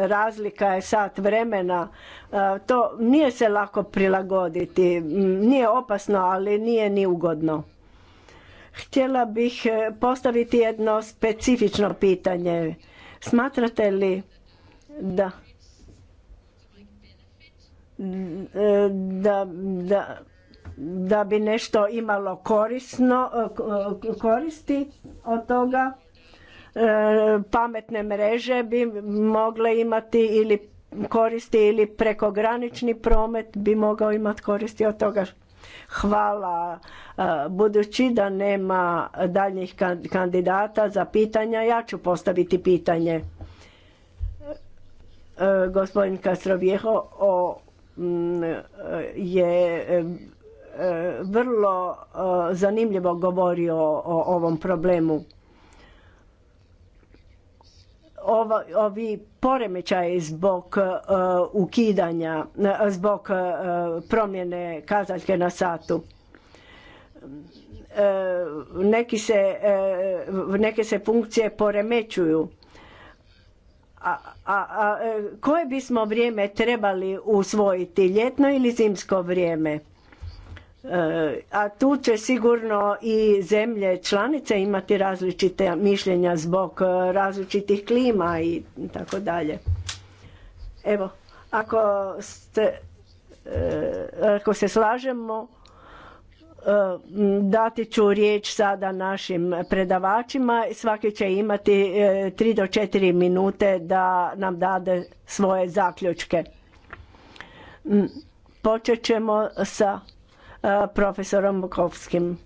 razlika je sat vremena. E, to nije se lako prilagoditi, nije opasno, ali nije ni ugodno. Htjela bih e, postaviti jedno specifično pitanje. Smatrate li da da, da da bi nešto imalo korisno, e, e, koristi od toga. E, pametne mreže bi mogle imati ili koristi ili prekogranični promet bi mogao imati koristi od toga. Hvala. Budući da nema daljnjih kandidata za pitanja, ja ću postaviti pitanje. Gospodin Kastrovjeho o je E, vrlo e, zanimljivo govorio o ovom problemu. Ovi poremećaji zbog e, ukidanja, zbog promjene kazaljke na satu. Neki se, neke se funkcije poremećuju. a, a koje bismo vrijeme trebali usvojiti, ljetno ili zimsko vrijeme? Eh, a tu će sigurno i zemlje članice imati različite mišljenja zbog eh, različitih klima i tako dalje. Evo, ako, eh, ako se slažemo, dati ću riječ sada našim predavačima. Svaki će imati 3 do 4 minute da nam dade svoje zaključke. Mm, počet ćemo sa profesorom Bukovskim.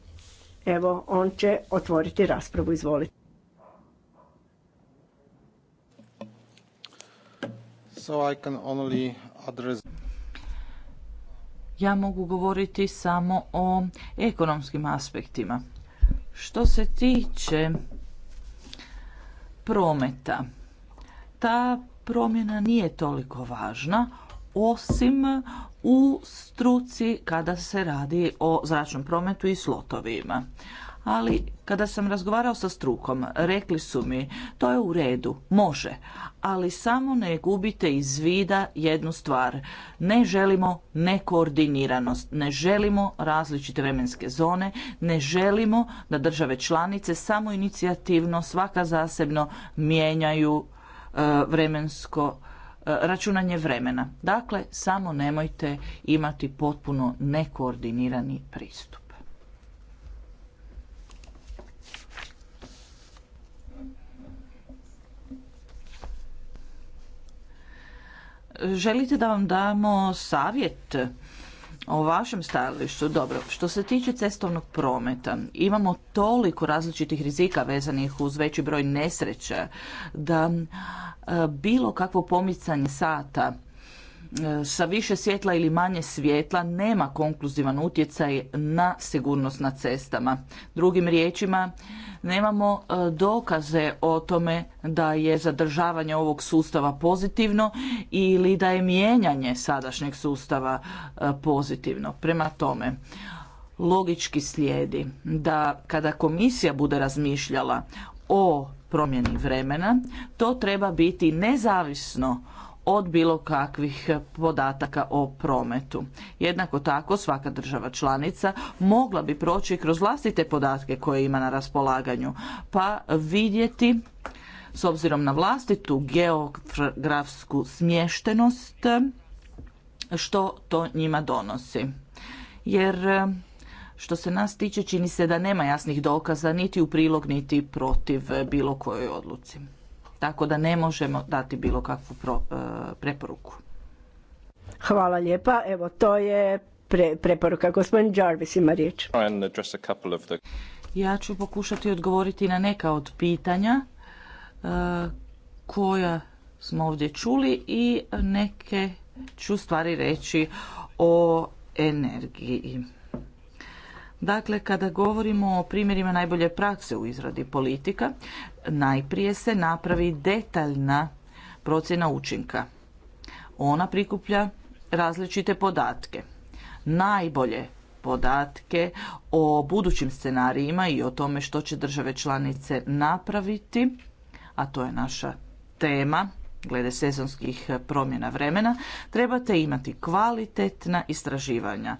Evo, on će otvoriti raspravu, izvolite. So Ja mogu govoriti samo o ekonomskim aspektima. Što se tiče prometa, ta promjena nije toliko važna, osim u struci kada se radi o zračnom prometu i slotovima. Ali kada sam razgovarao sa strukom, rekli su mi to je u redu, može, ali samo ne gubite iz vida jednu stvar. Ne želimo nekoordiniranost, ne želimo različite vremenske zone, ne želimo da države članice samo inicijativno, svaka zasebno mijenjaju e, vremensko E, računanje vremena. Dakle, samo nemojte imati potpuno nekoordinirani pristup. Želite da vam damo savjet o vašem stajalištu. Dobro, što se tiče cestovnog prometa, imamo toliko različitih rizika vezanih uz veći broj nesreća da e, bilo kakvo pomicanje sata E, sa više svjetla ili manje svjetla nema konkluzivan utjecaj na sigurnost na cestama. Drugim riječima, nemamo e, dokaze o tome da je zadržavanje ovog sustava pozitivno ili da je mijenjanje sadašnjeg sustava e, pozitivno. Prema tome, logički slijedi da kada komisija bude razmišljala o promjeni vremena, to treba biti nezavisno od bilo kakvih podataka o prometu. Jednako tako svaka država članica mogla bi proći kroz vlastite podatke koje ima na raspolaganju pa vidjeti s obzirom na vlastitu geografsku smještenost što to njima donosi. Jer što se nas tiče čini se da nema jasnih dokaza niti u prilog niti protiv bilo kojoj odluci tako da ne možemo dati bilo kakvu e, preporuku. Hvala lijepa. Evo, to je pre, preporuka. Gospodin Jarvis ima riječ. Ja ću pokušati odgovoriti na neka od pitanja e, koja smo ovdje čuli i neke ću stvari reći o energiji. Dakle, kada govorimo o primjerima najbolje prakse u izradi politika, najprije se napravi detaljna procjena učinka. Ona prikuplja različite podatke. Najbolje podatke o budućim scenarijima i o tome što će države članice napraviti, a to je naša tema glede sezonskih promjena vremena, trebate imati kvalitetna istraživanja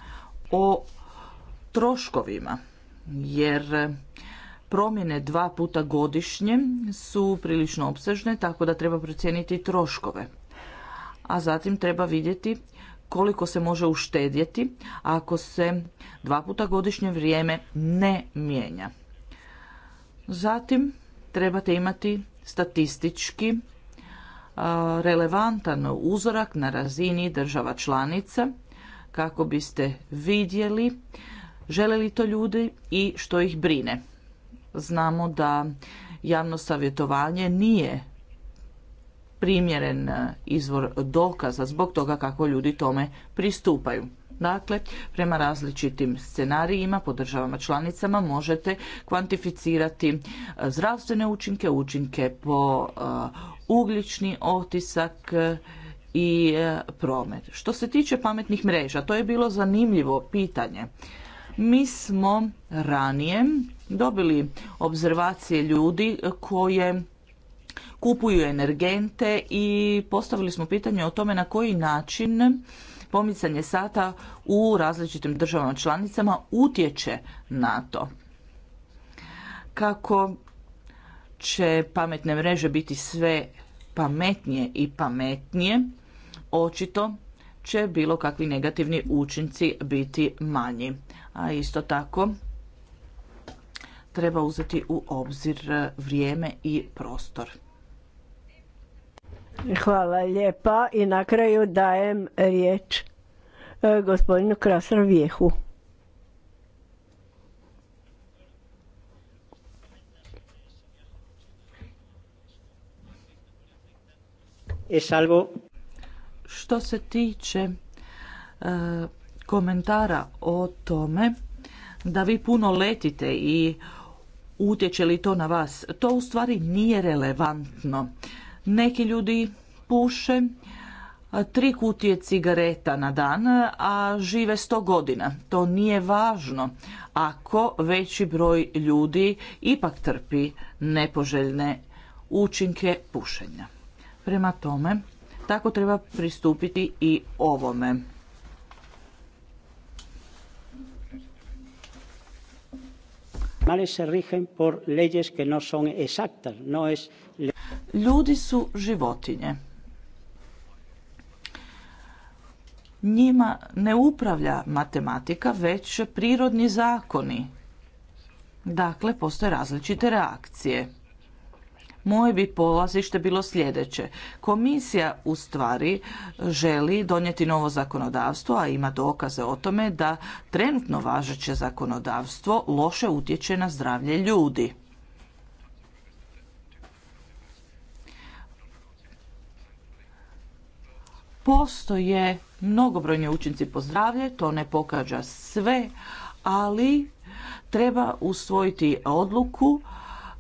o troškovima jer promjene dva puta godišnje su prilično opsežne tako da treba procijeniti troškove. A zatim treba vidjeti koliko se može uštedjeti ako se dva puta godišnje vrijeme ne mijenja. Zatim trebate imati statistički relevantan uzorak na razini država članica kako biste vidjeli žele li to ljudi i što ih brine. Znamo da javno savjetovanje nije primjeren eh, izvor dokaza zbog toga kako ljudi tome pristupaju. Dakle, prema različitim scenarijima po državama članicama možete kvantificirati eh, zdravstvene učinke, učinke po eh, ugljični otisak i promet. Što se tiče pametnih mreža, to je bilo zanimljivo pitanje. Mi smo ranije dobili obzervacije ljudi koje kupuju energente i postavili smo pitanje o tome na koji način pomicanje sata u različitim državama članicama utječe na to. Kako će pametne mreže biti sve pametnije i pametnije, očito će bilo kakvi negativni učinci biti manji. A isto tako treba uzeti u obzir vrijeme i prostor. Hvala lijepa i na kraju dajem riječ e, gospodinu Krasar Vijehu. E, što se tiče e, komentara o tome da vi puno letite i utječe li to na vas, to u stvari nije relevantno. Neki ljudi puše tri kutije cigareta na dan, a žive sto godina. To nije važno ako veći broj ljudi ipak trpi nepoželjne učinke pušenja. Prema tome, tako treba pristupiti i ovome. se por leyes no Ljudi su životinje. Njima ne upravlja matematika, već prirodni zakoni. Dakle, postoje različite reakcije. Moje bi polazište bilo sljedeće. Komisija u stvari želi donijeti novo zakonodavstvo, a ima dokaze o tome da trenutno važeće zakonodavstvo loše utječe na zdravlje ljudi. Postoje mnogobrojni učinci po zdravlje, to ne pokađa sve, ali treba usvojiti odluku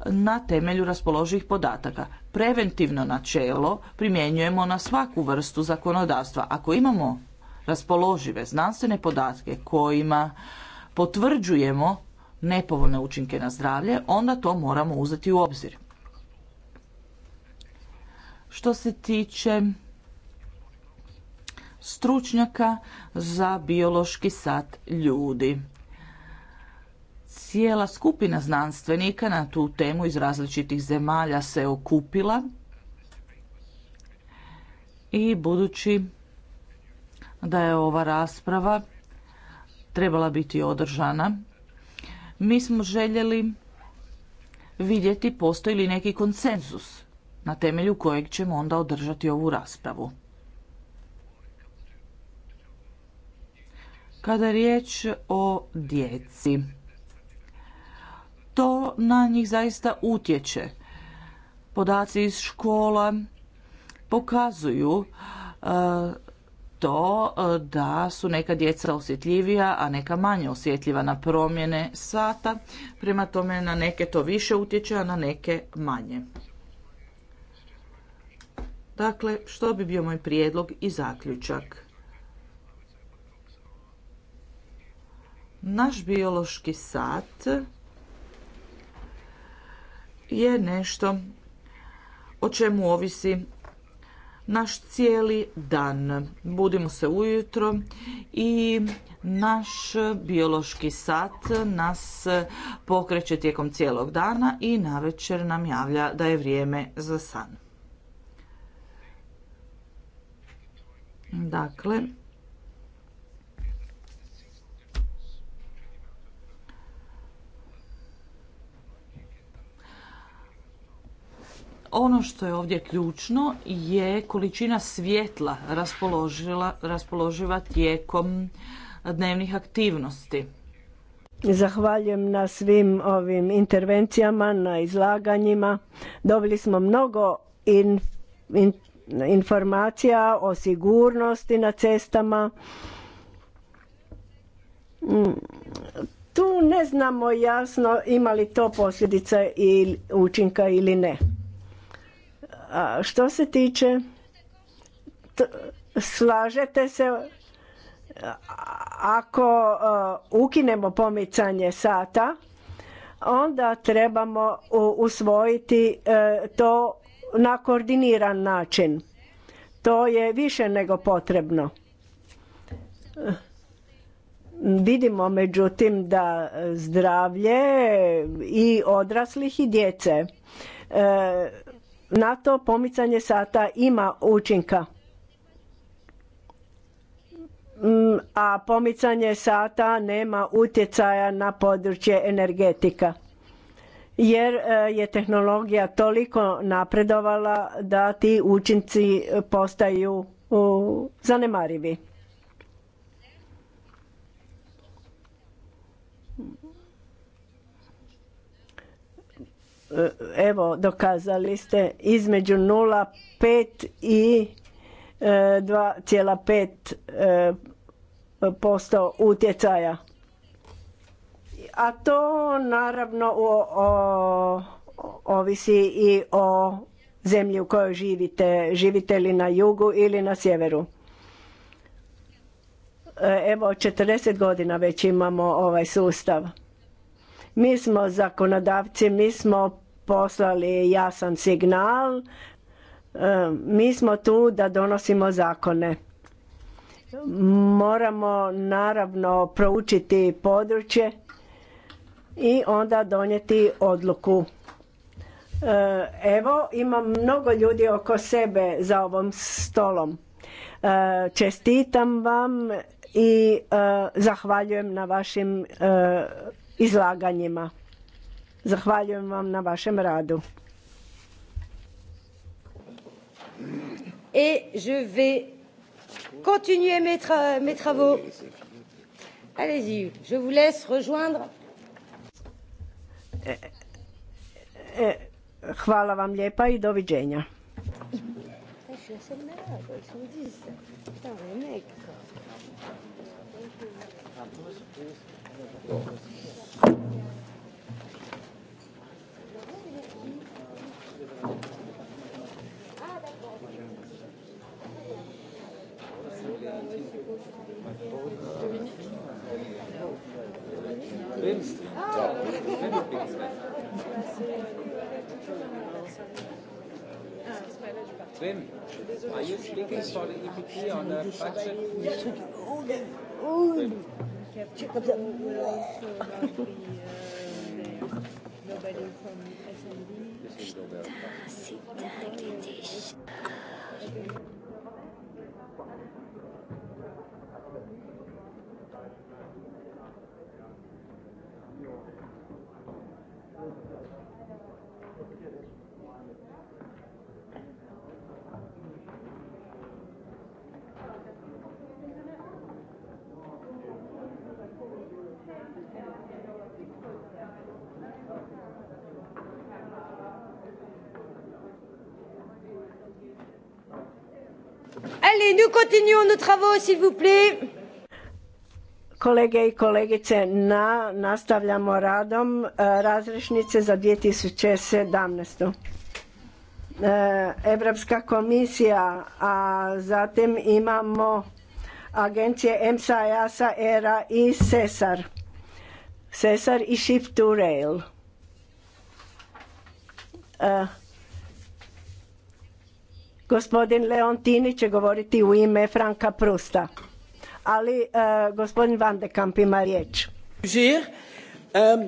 na temelju raspoloživih podataka. Preventivno načelo primjenjujemo na svaku vrstu zakonodavstva. Ako imamo raspoložive znanstvene podatke kojima potvrđujemo nepovoljne učinke na zdravlje, onda to moramo uzeti u obzir. Što se tiče stručnjaka za biološki sat ljudi cijela skupina znanstvenika na tu temu iz različitih zemalja se okupila i budući da je ova rasprava trebala biti održana, mi smo željeli vidjeti postoji li neki konsenzus na temelju kojeg ćemo onda održati ovu raspravu. Kada je riječ o djeci, to na njih zaista utječe. Podaci iz škola pokazuju e, to e, da su neka djeca osjetljivija, a neka manje osjetljiva na promjene sata. Prema tome na neke to više utječe, a na neke manje. Dakle, što bi bio moj prijedlog i zaključak? Naš biološki sat je nešto o čemu ovisi naš cijeli dan. Budimo se ujutro i naš biološki sat nas pokreće tijekom cijelog dana i navečer nam javlja da je vrijeme za san. Dakle, Ono što je ovdje ključno je količina svjetla raspoloživa tijekom dnevnih aktivnosti. Zahvaljujem na svim ovim intervencijama, na izlaganjima. Dobili smo mnogo informacija o sigurnosti na cestama. Mm. Tu ne znamo jasno ima li to posljedica i učinka ili ne. A što se tiče slažete se ako ukinemo pomicanje sata onda trebamo usvojiti e, to na koordiniran način. To je više nego potrebno. Vidimo međutim da zdravlje i odraslih i djece e, na to pomicanje sata ima učinka. Mm, a pomicanje sata nema utjecaja na područje energetika. Jer e, je tehnologija toliko napredovala da ti učinci postaju zanemarivi. E, evo dokazali ste između 0,5 i 2,5 e, e, posto utjecaja. A to naravno o, ovisi i o zemlji u kojoj živite, živite li na jugu ili na sjeveru. Evo, 40 godina već imamo ovaj sustav. Mi smo zakonodavci, mi smo poslali jasan signal, e, mi smo tu da donosimo zakone. Moramo naravno proučiti područje i onda donijeti odluku. E, evo, imam mnogo ljudi oko sebe za ovom stolom. E, čestitam vam i zahvaljujem na vašim izlaganjima. Zahvaljujem vam na vašem radu. Et je vais continuer mes, tra mes travaux. Allez-y, je vous laisse rejoindre. E, e hvala vam lijepa i doviđenja. Je suis Trim. are you speaking for the on the from Allez, nous continuons nos travaux, s'il vous plaît. Kolege i kolegice, nastavljamo radom e, razrešnice za 2017. Europska komisija, a zatim imamo agencije EMSA, EASA, ERA i SESAR. SESAR i Shift to Rail. E, gospodin Leontini će govoriti u ime Franka Prusta ali e, gospodin Van de Kamp ima riječ. Ehm,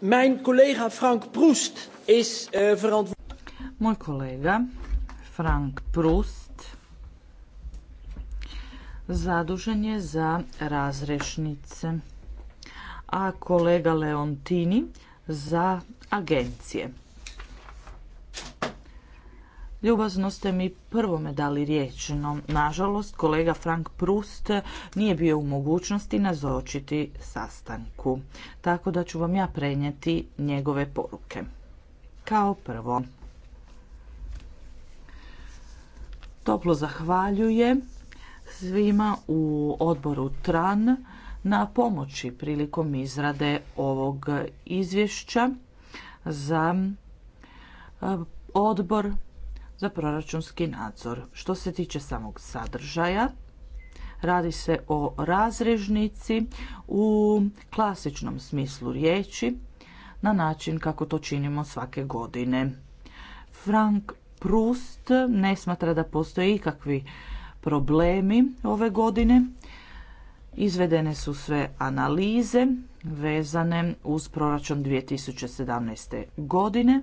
mijn collega Frank Proust is eh, Moj kolega Frank Proust zadužen je za razrešnice, a kolega Leontini za agencije. Ljubazno ste mi prvome dali riječ, no nažalost kolega Frank Prust nije bio u mogućnosti nazočiti sastanku, tako da ću vam ja prenijeti njegove poruke. Kao prvo, toplo zahvaljujem svima u odboru TRAN na pomoći prilikom izrade ovog izvješća za e, odbor za proračunski nadzor. Što se tiče samog sadržaja, radi se o razrežnici u klasičnom smislu riječi na način kako to činimo svake godine. Frank Proust ne smatra da postoje ikakvi problemi ove godine. Izvedene su sve analize vezane uz proračun 2017. godine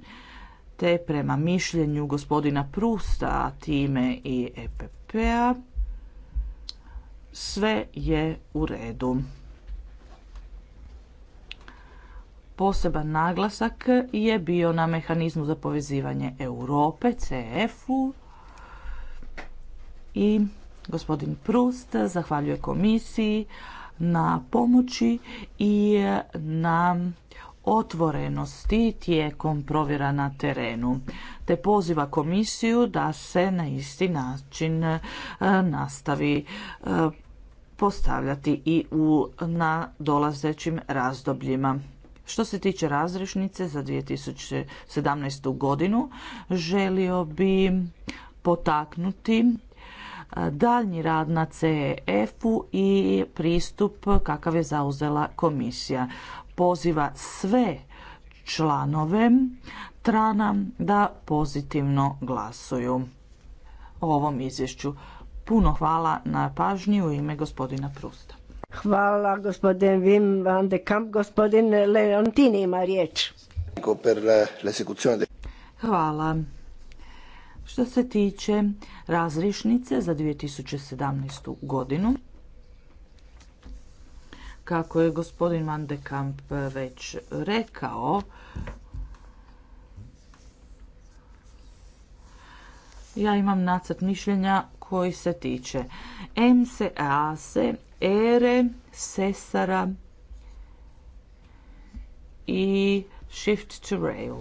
te prema mišljenju gospodina Prusta, a time i EPP-a, sve je u redu. Poseban naglasak je bio na mehanizmu za povezivanje Europe, CF-u, i gospodin Prust zahvaljuje komisiji na pomoći i na otvorenosti tijekom provjera na terenu, te poziva komisiju da se na isti način e, nastavi e, postavljati i u na dolazećim razdobljima. Što se tiče razrešnice za 2017. godinu, želio bi potaknuti e, daljnji rad na CEF-u i pristup kakav je zauzela komisija poziva sve članove Trana da pozitivno glasuju o ovom izvješću. Puno hvala na pažnji u ime gospodina Prusta. Hvala gospodin Vim van de Kamp. Gospodin Leontini ima riječ. Hvala. Što se tiče razrišnice za 2017. godinu, kako je gospodin Van de Kamp eh, već rekao, ja imam nacrt mišljenja koji se tiče MCAS-e, ERE, SESARA i Shift to Rail.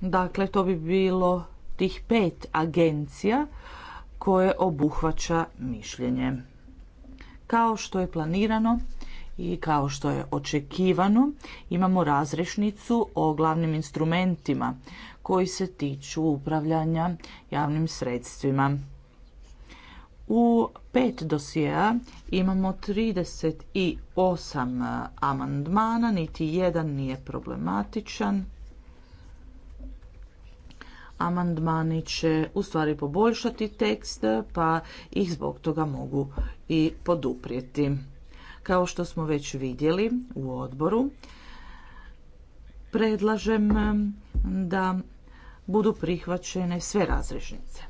Dakle, to bi bilo tih pet agencija koje obuhvaća mišljenje. Kao što je planirano i kao što je očekivano, imamo razrešnicu o glavnim instrumentima koji se tiču upravljanja javnim sredstvima. U pet dosijeja imamo 38 amandmana, niti jedan nije problematičan amandmani će u stvari poboljšati tekst pa ih zbog toga mogu i poduprijeti. Kao što smo već vidjeli u odboru, predlažem um, da budu prihvaćene sve razrešnice.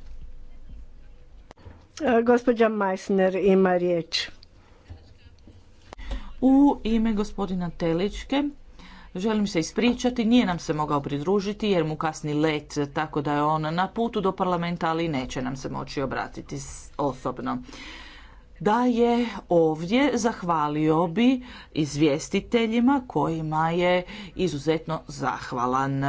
E, gospođa Meissner ima riječ. U ime gospodina Teličke Želim se ispričati, nije nam se mogao pridružiti jer mu kasni let, tako da je on na putu do parlamenta, ali neće nam se moći obratiti osobno da je ovdje zahvalio bi izvjestiteljima kojima je izuzetno zahvalan.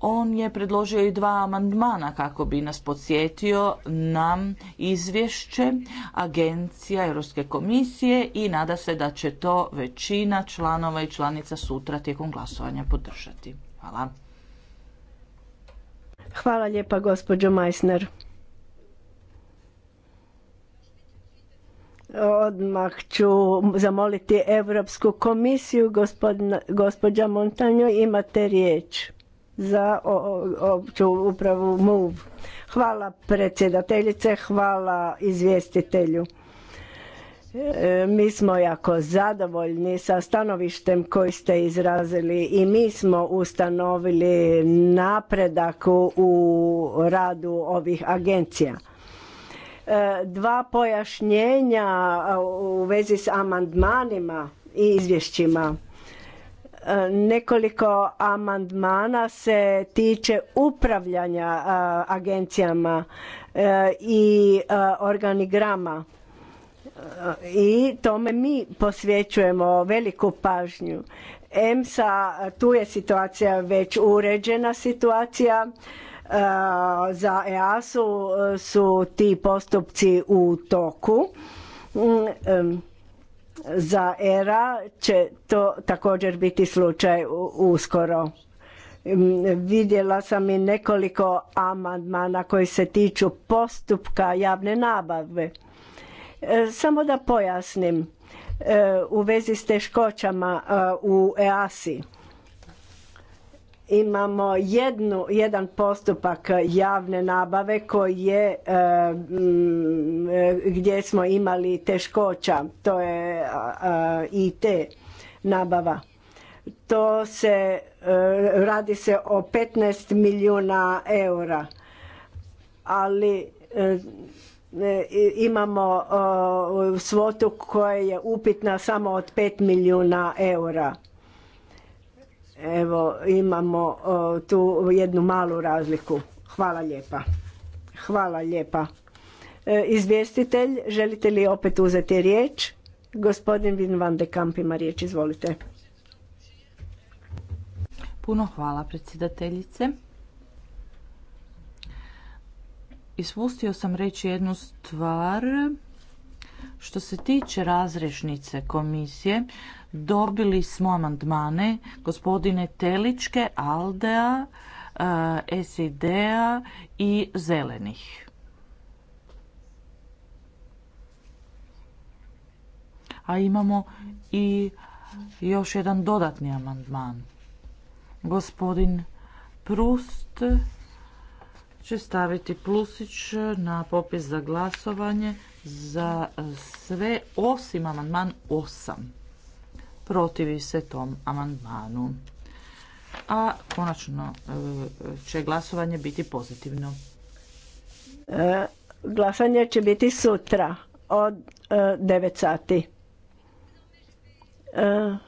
On je predložio i dva amandmana kako bi nas podsjetio na izvješće Agencija Europske komisije i nada se da će to većina članova i članica sutra tijekom glasovanja podržati. Hvala. Hvala lijepa gospođo Majsner. Odmah ću zamoliti Europsku komisiju, gospođa Montanjo, imate riječ za opću upravu MOVE. Hvala predsjedateljice, hvala izvjestitelju. E, mi smo jako zadovoljni sa stanovištem koji ste izrazili i mi smo ustanovili napredak u radu ovih agencija. E, dva pojašnjenja u vezi s amandmanima i izvješćima. E, nekoliko amandmana se tiče upravljanja agencijama e, i organigrama i tome mi posvjećujemo veliku pažnju. EMSA, tu je situacija već uređena situacija, za EASu e, su ti postupci u toku. Mm, za ERA će to također biti slučaj uskoro mm, vidjela sam i nekoliko amandmana koji se tiču postupka javne nabave. E, samo da pojasnim e, u vezi s teškoćama u EASI imamo jedan postupak javne nabave koji je e, mm, e, gdje smo imali teškoća, to je IT nabava. To se e, radi se o 15 milijuna eura, ali imamo svotu koja je upitna samo od 5 milijuna eura Evo, imamo tu jednu malu razliku. Hvala lijepa. Hvala lijepa. E, izvjestitelj, želite li opet uzeti riječ? Gospodin Vin van de Kamp ima riječ, izvolite. Puno hvala predsjedateljice. Ispustio sam reći jednu stvar. Što se tiče razrešnice komisije, Dobili smo amandmane gospodine Teličke, Aldea, e, SID-a i Zelenih. A imamo i još jedan dodatni amandman. Gospodin Prust će staviti plusić na popis za glasovanje za sve osim amandman 8 protivi se tom amandmanu. A konačno e, će glasovanje biti pozitivno. E, glasanje će biti sutra od 9 e, sati. Gospodin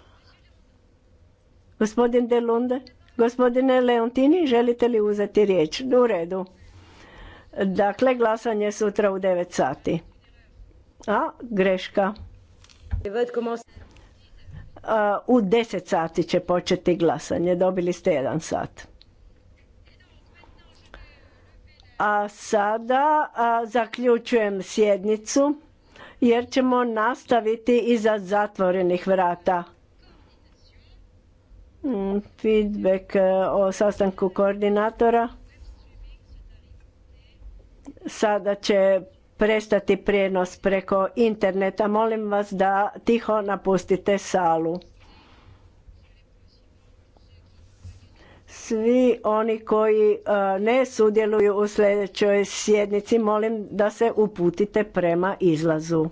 gospodin Delunde, gospodine Leontini, želite li uzeti riječ? U redu. Dakle, glasanje sutra u 9 sati. A, greška. Eh, u 10 sati će početi glasanje. Dobili ste jedan sat. A sada eh, zaključujem sjednicu jer ćemo nastaviti iza zatvorenih vrata. Mm, feedback eh, o sastanku koordinatora. Sada će prestati prijenos preko interneta. Molim vas da tiho napustite salu. Svi oni koji e, ne sudjeluju u sljedećoj sjednici molim da se uputite prema izlazu.